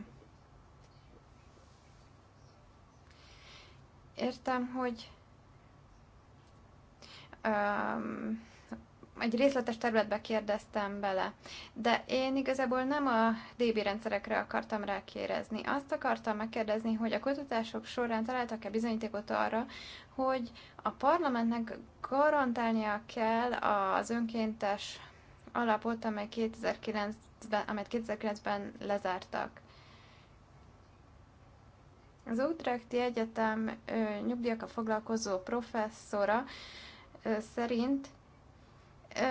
A: Értem, hogy... Um, egy részletes területbe kérdeztem bele, de én igazából nem a DB rendszerekre akartam rákérezni. Azt akartam megkérdezni, hogy a kutatások során találtak-e bizonyítékot arra, hogy a parlamentnek garantálnia kell az önkéntes alapot, amely 2009-ben, amelyet 2009-ben lezártak. Az Utrechti Egyetem nyugdíjakkal foglalkozó professzora szerint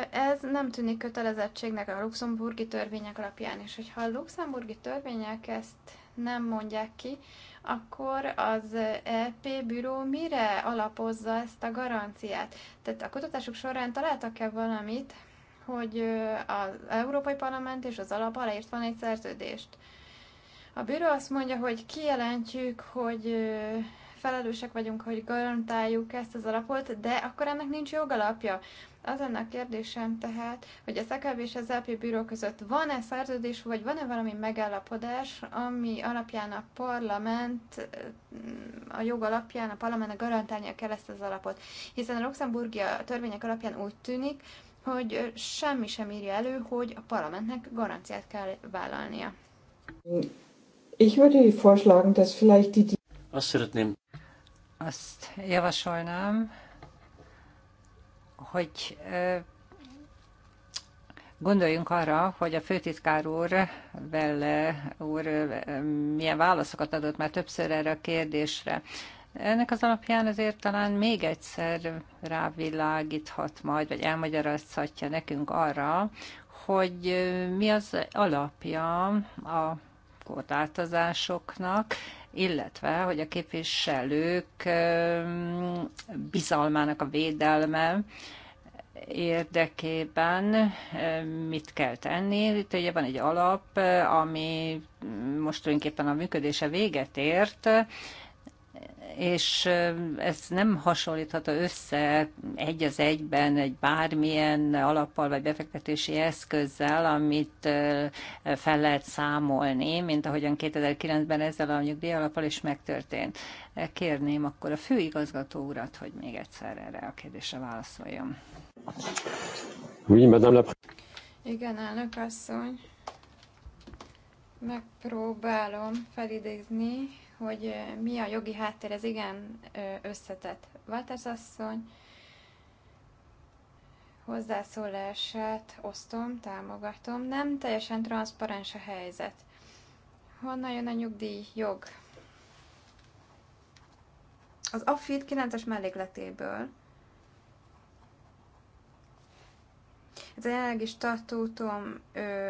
A: ez nem tűnik kötelezettségnek a luxemburgi törvények alapján, és hogyha a luxemburgi törvények ezt nem mondják ki, akkor az EP büró mire alapozza ezt a garanciát? Tehát a kutatások során találtak-e valamit, hogy az Európai Parlament és az alap aláírt van egy szerződést? A Büro azt mondja, hogy kijelentjük, hogy felelősek vagyunk, hogy garantáljuk ezt az alapot, de akkor ennek nincs jogalapja. Az lenne a kérdésem tehát, hogy az AKB és az LP bíró között van-e szerződés, vagy van-e valami megállapodás, ami alapján a parlament, a jog alapján a parlamentnek garantálnia kell ezt az alapot. Hiszen a luxemburgi törvények alapján úgy tűnik, hogy semmi sem írja elő, hogy a parlamentnek garanciát kell vállalnia. Ich würde
C: vorschlagen, dass vielleicht die...
B: Azt szeretném. Azt
C: javasolnám, hogy Gondoljunk arra, hogy a főtitkár úr, Velle úr milyen válaszokat adott már többször erre a kérdésre. Ennek az alapján azért talán még egyszer rávilágíthat majd, vagy elmagyarázhatja nekünk arra, hogy mi az alapja a kortáltozásoknak, illetve hogy a képviselők bizalmának a védelme érdekében mit kell tenni. Itt ugye van egy alap, ami most tulajdonképpen a működése véget ért, és ez nem hasonlítható össze egy az egyben egy bármilyen alappal vagy befektetési eszközzel, amit fel lehet számolni, mint ahogyan 2009-ben ezzel a nyugdíj alappal is megtörtént. Kérném akkor a főigazgató urat, hogy még egyszer erre a kérdésre válaszoljon.
B: Oui, madame la...
A: Igen, elnök asszony. Megpróbálom felidézni hogy mi a jogi háttér, ez igen összetett. Walters asszony hozzászólását osztom, támogatom. Nem teljesen transzparens a helyzet. Honnan jön a nyugdíj jog? Az Affid 9-es mellékletéből. Ez a jelenlegi statútum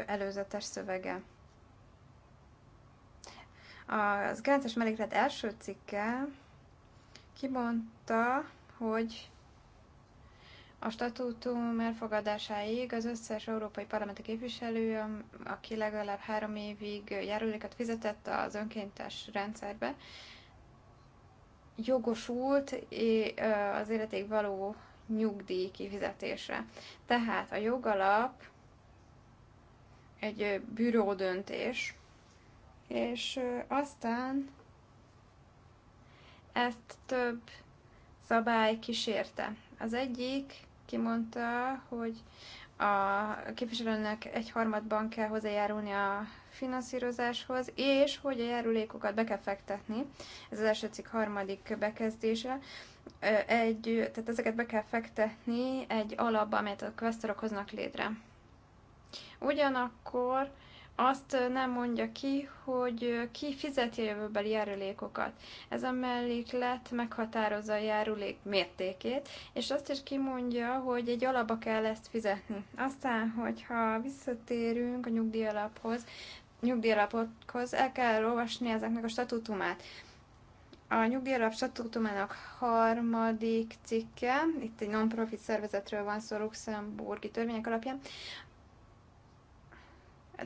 A: előzetes szövege. Az Gerences es első cikke kimondta, hogy a statútum elfogadásáig az összes európai parlamenti képviselő, aki legalább három évig járulékat fizetett az önkéntes rendszerbe, jogosult az életéig való nyugdíj kifizetésre. Tehát a jogalap egy bürodöntés, döntés, és aztán ezt több szabály kísérte. Az egyik kimondta, hogy a képviselőnek egy harmadban kell hozzájárulni a finanszírozáshoz, és hogy a járulékokat be kell fektetni, ez az első cikk harmadik bekezdése, egy, tehát ezeket be kell fektetni egy alapba, amelyet a questorok hoznak létre. Ugyanakkor azt nem mondja ki, hogy ki fizeti a jövőbeli járulékokat. Ez a melléklet meghatározza a járulék mértékét, és azt is kimondja, hogy egy alapba kell ezt fizetni. Aztán, hogyha visszatérünk a nyugdíjalaphoz, nyugdíjalapokhoz, el kell olvasni ezeknek a statutumát. A nyugdíjalap statutumának harmadik cikke, itt egy non-profit szervezetről van szó Luxemburgi törvények alapján,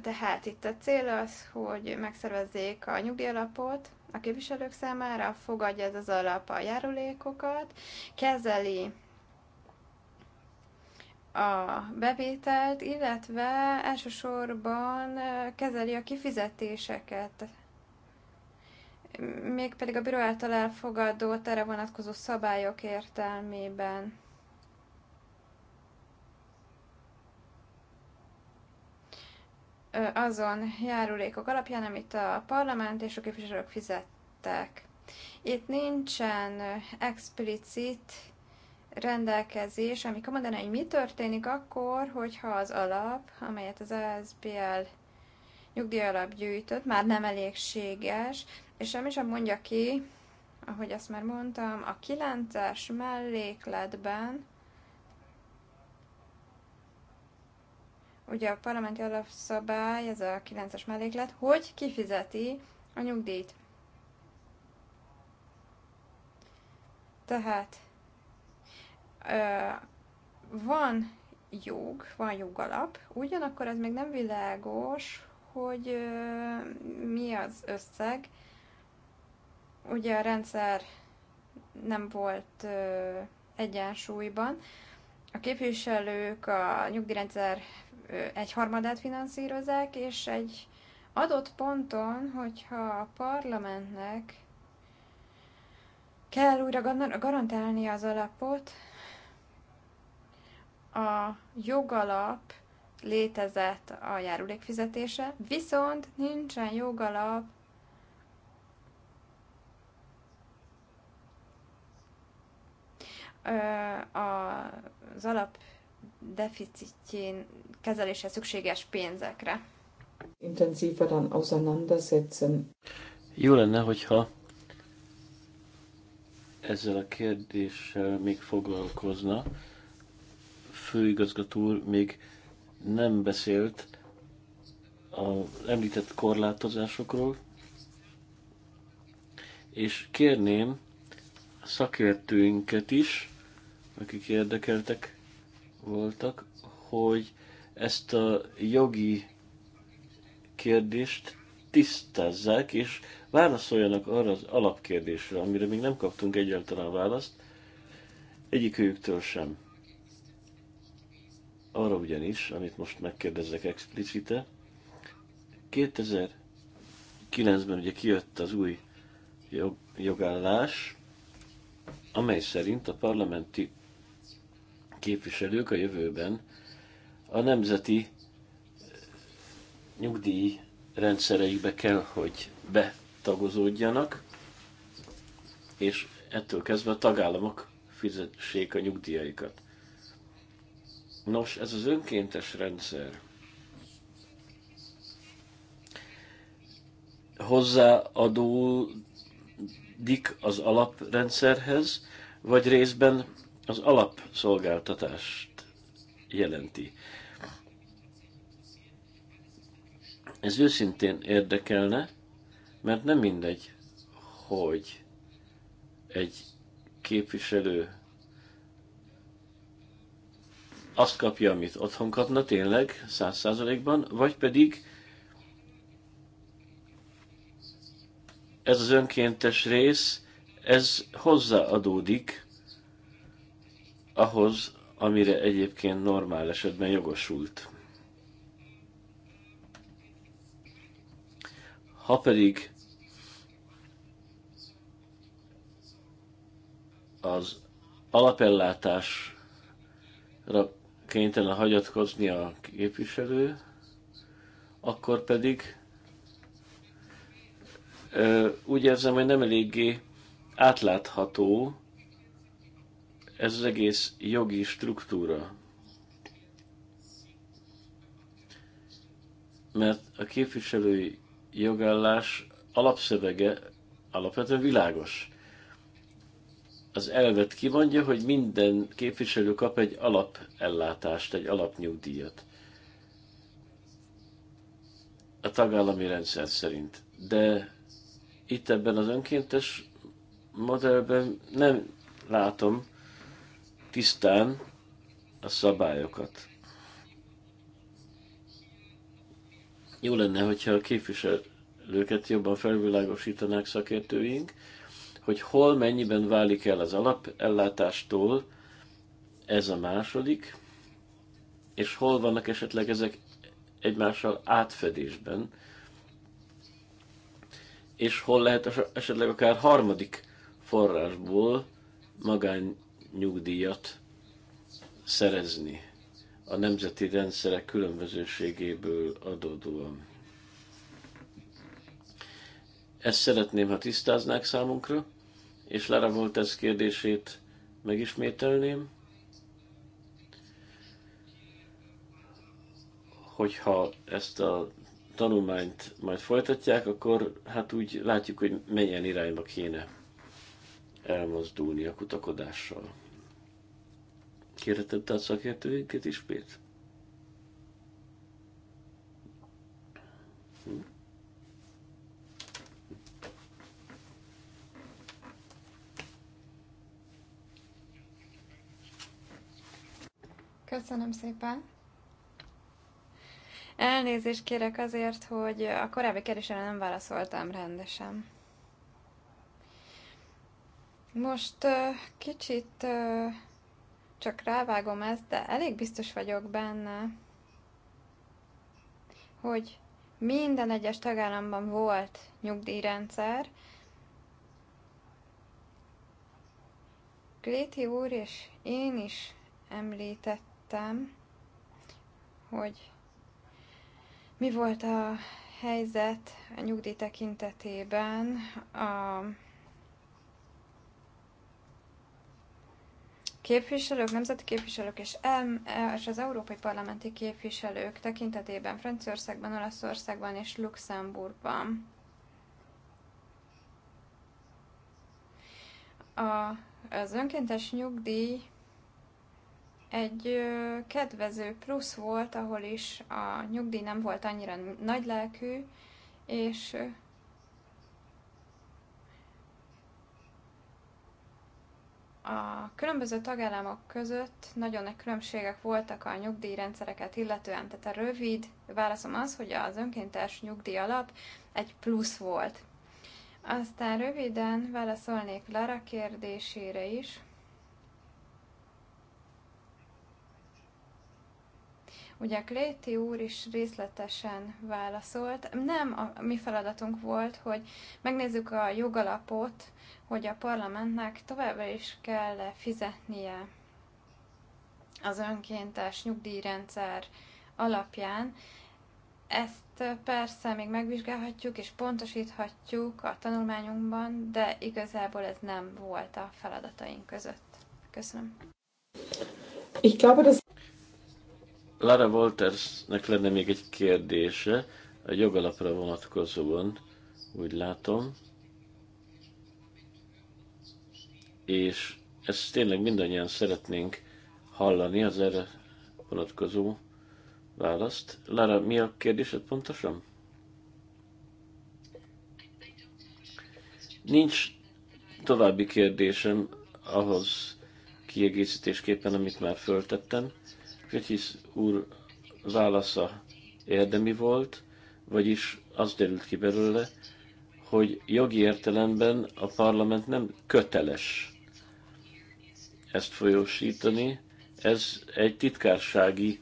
A: de hát itt a cél az, hogy megszervezzék a nyugdíjalapot a képviselők számára, fogadja ez az alap a járulékokat, kezeli a bevételt, illetve elsősorban kezeli a kifizetéseket, mégpedig a bíró által elfogadott erre vonatkozó szabályok értelmében. azon járulékok alapján, amit a parlament és a képviselők fizettek. Itt nincsen explicit rendelkezés, ami mondaná, hogy mi történik akkor, hogyha az alap, amelyet az ASBL e nyugdíjalap gyűjtött, már nem elégséges, és sem is mondja ki, ahogy azt már mondtam, a 9-es mellékletben ugye a parlamenti alapszabály, ez a 9-es melléklet, hogy kifizeti a nyugdíjt. Tehát van jog, van jogalap, ugyanakkor ez még nem világos, hogy mi az összeg. Ugye a rendszer nem volt egyensúlyban. A képviselők a nyugdíjrendszer egyharmadát finanszírozzák, és egy adott ponton, hogyha a parlamentnek kell újra garantálni az alapot, a jogalap létezett a járulékfizetése, viszont nincsen jogalap az alap deficitjén kezelése szükséges pénzekre.
C: Intenzíveren auseinandersetzen.
B: Jó lenne, hogyha ezzel a kérdéssel még foglalkozna. Főigazgató úr még nem beszélt a említett korlátozásokról, és kérném a szakértőinket is, akik érdekeltek voltak, hogy ezt a jogi kérdést tisztázzák, és válaszoljanak arra az alapkérdésre, amire még nem kaptunk egyáltalán választ, egyikőjüktől sem. Arra ugyanis, amit most megkérdezek explicite, 2009-ben ugye kijött az új jog, jogállás, amely szerint a parlamenti képviselők a jövőben a nemzeti nyugdíj rendszereikbe kell, hogy betagozódjanak, és ettől kezdve a tagállamok fizessék a nyugdíjaikat. Nos, ez az önkéntes rendszer hozzáadódik az alaprendszerhez, vagy részben az alapszolgáltatást jelenti. Ez őszintén érdekelne, mert nem mindegy, hogy egy képviselő azt kapja, amit otthon kapna tényleg, száz százalékban, vagy pedig ez az önkéntes rész, ez hozzáadódik ahhoz, amire egyébként normál esetben jogosult. Ha pedig az alapellátásra kénytelen hagyatkozni a képviselő, akkor pedig úgy érzem, hogy nem eléggé átlátható ez az egész jogi struktúra. Mert a képviselői jogállás alapszövege alapvetően világos. Az elvet kimondja, hogy minden képviselő kap egy alapellátást, egy alapnyugdíjat. A tagállami rendszer szerint. De itt ebben az önkéntes modellben nem látom, tisztán a szabályokat. Jó lenne, hogyha a képviselőket jobban felvilágosítanák szakértőink, hogy hol mennyiben válik el az alapellátástól ez a második, és hol vannak esetleg ezek egymással átfedésben, és hol lehet esetleg akár harmadik forrásból magány nyugdíjat szerezni a nemzeti rendszerek különbözőségéből adódóan. Ezt szeretném, ha tisztáznák számunkra, és Lara volt ez kérdését megismételném, hogyha ezt a tanulmányt majd folytatják, akkor hát úgy látjuk, hogy milyen irányba kéne elmozdulni a kutakodással. Kérhetett a szakértőinket ismét? Hm?
A: Köszönöm szépen. Elnézést kérek azért, hogy a korábbi kérdésre nem válaszoltam rendesen. Most kicsit csak rávágom ezt, de elég biztos vagyok benne, hogy minden egyes tagállamban volt nyugdíjrendszer. Gréti úr és én is említettem, hogy mi volt a helyzet a nyugdíj tekintetében a képviselők, nemzeti képviselők és, el, e, és az európai parlamenti képviselők tekintetében Franciaországban, Olaszországban és Luxemburgban. A, az önkéntes nyugdíj egy ö, kedvező plusz volt, ahol is a nyugdíj nem volt annyira nagylelkű, és a különböző tagállamok között nagyon nagy különbségek voltak a nyugdíjrendszereket illetően, tehát a rövid válaszom az, hogy az önkéntes nyugdíj alap egy plusz volt. Aztán röviden válaszolnék Lara kérdésére is. Ugye Kléti úr is részletesen válaszolt. Nem a mi feladatunk volt, hogy megnézzük a jogalapot, hogy a parlamentnek továbbra is kell fizetnie az önkéntes nyugdíjrendszer alapján. Ezt persze még megvizsgálhatjuk és pontosíthatjuk a tanulmányunkban, de igazából ez nem volt a feladataink között. Köszönöm.
B: Ich glaube, dass... Lara Waltersnek lenne még egy kérdése, a jogalapra vonatkozóan, úgy látom. És ezt tényleg mindannyian szeretnénk hallani, az erre vonatkozó választ. Lara, mi a kérdésed pontosan? Nincs további kérdésem ahhoz kiegészítésképpen, amit már föltettem. Kritis úr válasza érdemi volt, vagyis az derült ki belőle, hogy jogi értelemben a parlament nem köteles ezt folyósítani. Ez egy titkársági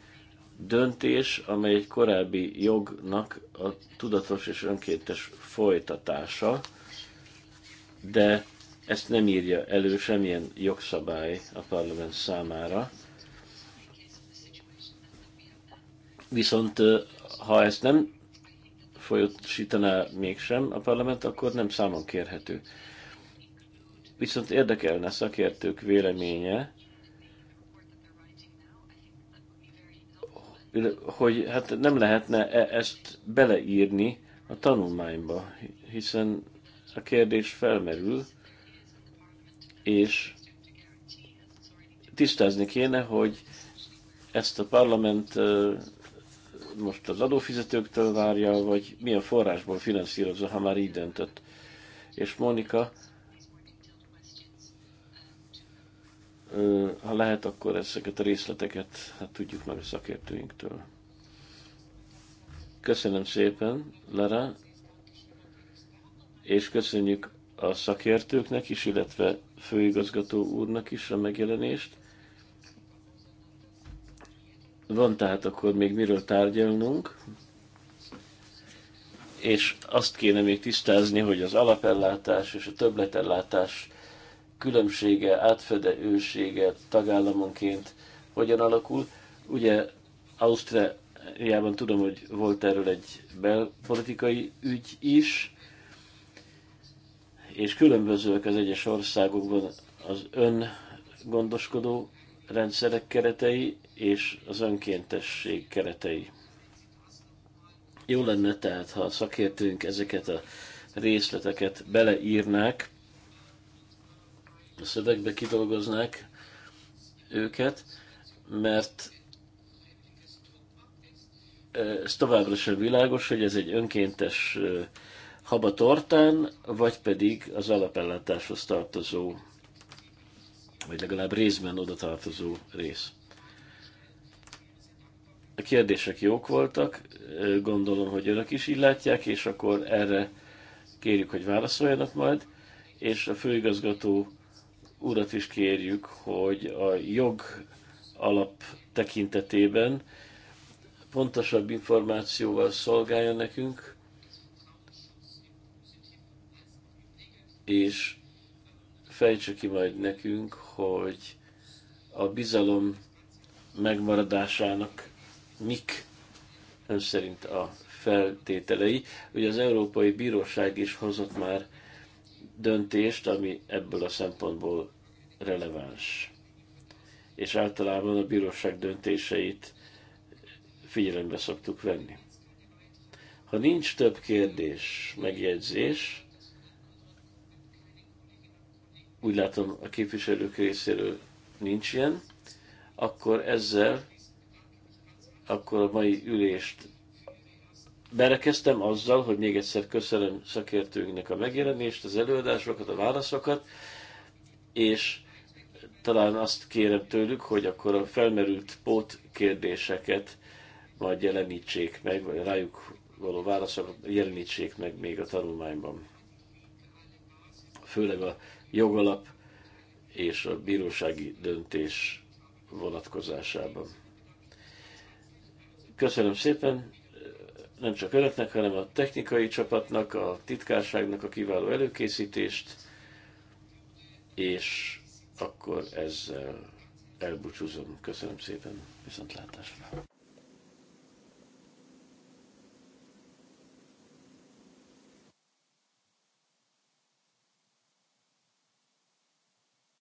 B: döntés, amely egy korábbi jognak a tudatos és önkéntes folytatása, de ezt nem írja elő semmilyen jogszabály a parlament számára. Viszont ha ezt nem folyosítaná mégsem a parlament, akkor nem számon kérhető. Viszont érdekelne szakértők véleménye, hogy hát nem lehetne -e ezt beleírni a tanulmányba, hiszen a kérdés felmerül, és tisztázni kéne, hogy ezt a parlament most az adófizetőktől várja, vagy milyen forrásból finanszírozza, ha már így döntött. És Monika, ha lehet, akkor ezeket a részleteket hát tudjuk meg a szakértőinktől. Köszönöm szépen, Lara, és köszönjük a szakértőknek is, illetve főigazgató úrnak is a megjelenést. Van tehát akkor még miről tárgyalnunk, és azt kéne még tisztázni, hogy az alapellátás és a többletellátás különbsége, átfede ősége tagállamonként hogyan alakul. Ugye Ausztriában tudom, hogy volt erről egy belpolitikai ügy is, és különbözőek az egyes országokban az ön gondoskodó rendszerek keretei és az önkéntesség keretei. Jó lenne tehát, ha a szakértőink ezeket a részleteket beleírnák, a szövegbe kidolgoznák őket, mert ez továbbra sem világos, hogy ez egy önkéntes haba tortán, vagy pedig az alapellátáshoz tartozó vagy legalább részben oda tartozó rész. A kérdések jók voltak, gondolom, hogy önök is így látják, és akkor erre kérjük, hogy válaszoljanak majd, és a főigazgató urat is kérjük, hogy a jog alap tekintetében pontosabb információval szolgáljon nekünk, és fejtse ki majd nekünk, hogy a bizalom megmaradásának mik ön szerint a feltételei. Ugye az Európai Bíróság is hozott már döntést, ami ebből a szempontból releváns. És általában a bíróság döntéseit figyelembe szoktuk venni. Ha nincs több kérdés, megjegyzés, úgy látom a képviselők részéről nincs ilyen, akkor ezzel akkor a mai ülést berekeztem azzal, hogy még egyszer köszönöm szakértőinknek a megjelenést, az előadásokat, a válaszokat, és talán azt kérem tőlük, hogy akkor a felmerült pót kérdéseket majd jelenítsék meg, vagy rájuk való válaszokat jelenítsék meg még a tanulmányban. Főleg a jogalap és a bírósági döntés vonatkozásában. Köszönöm szépen nem csak önöknek, hanem a technikai csapatnak, a titkárságnak a kiváló előkészítést, és akkor ezzel elbúcsúzom. Köszönöm szépen, viszontlátásra!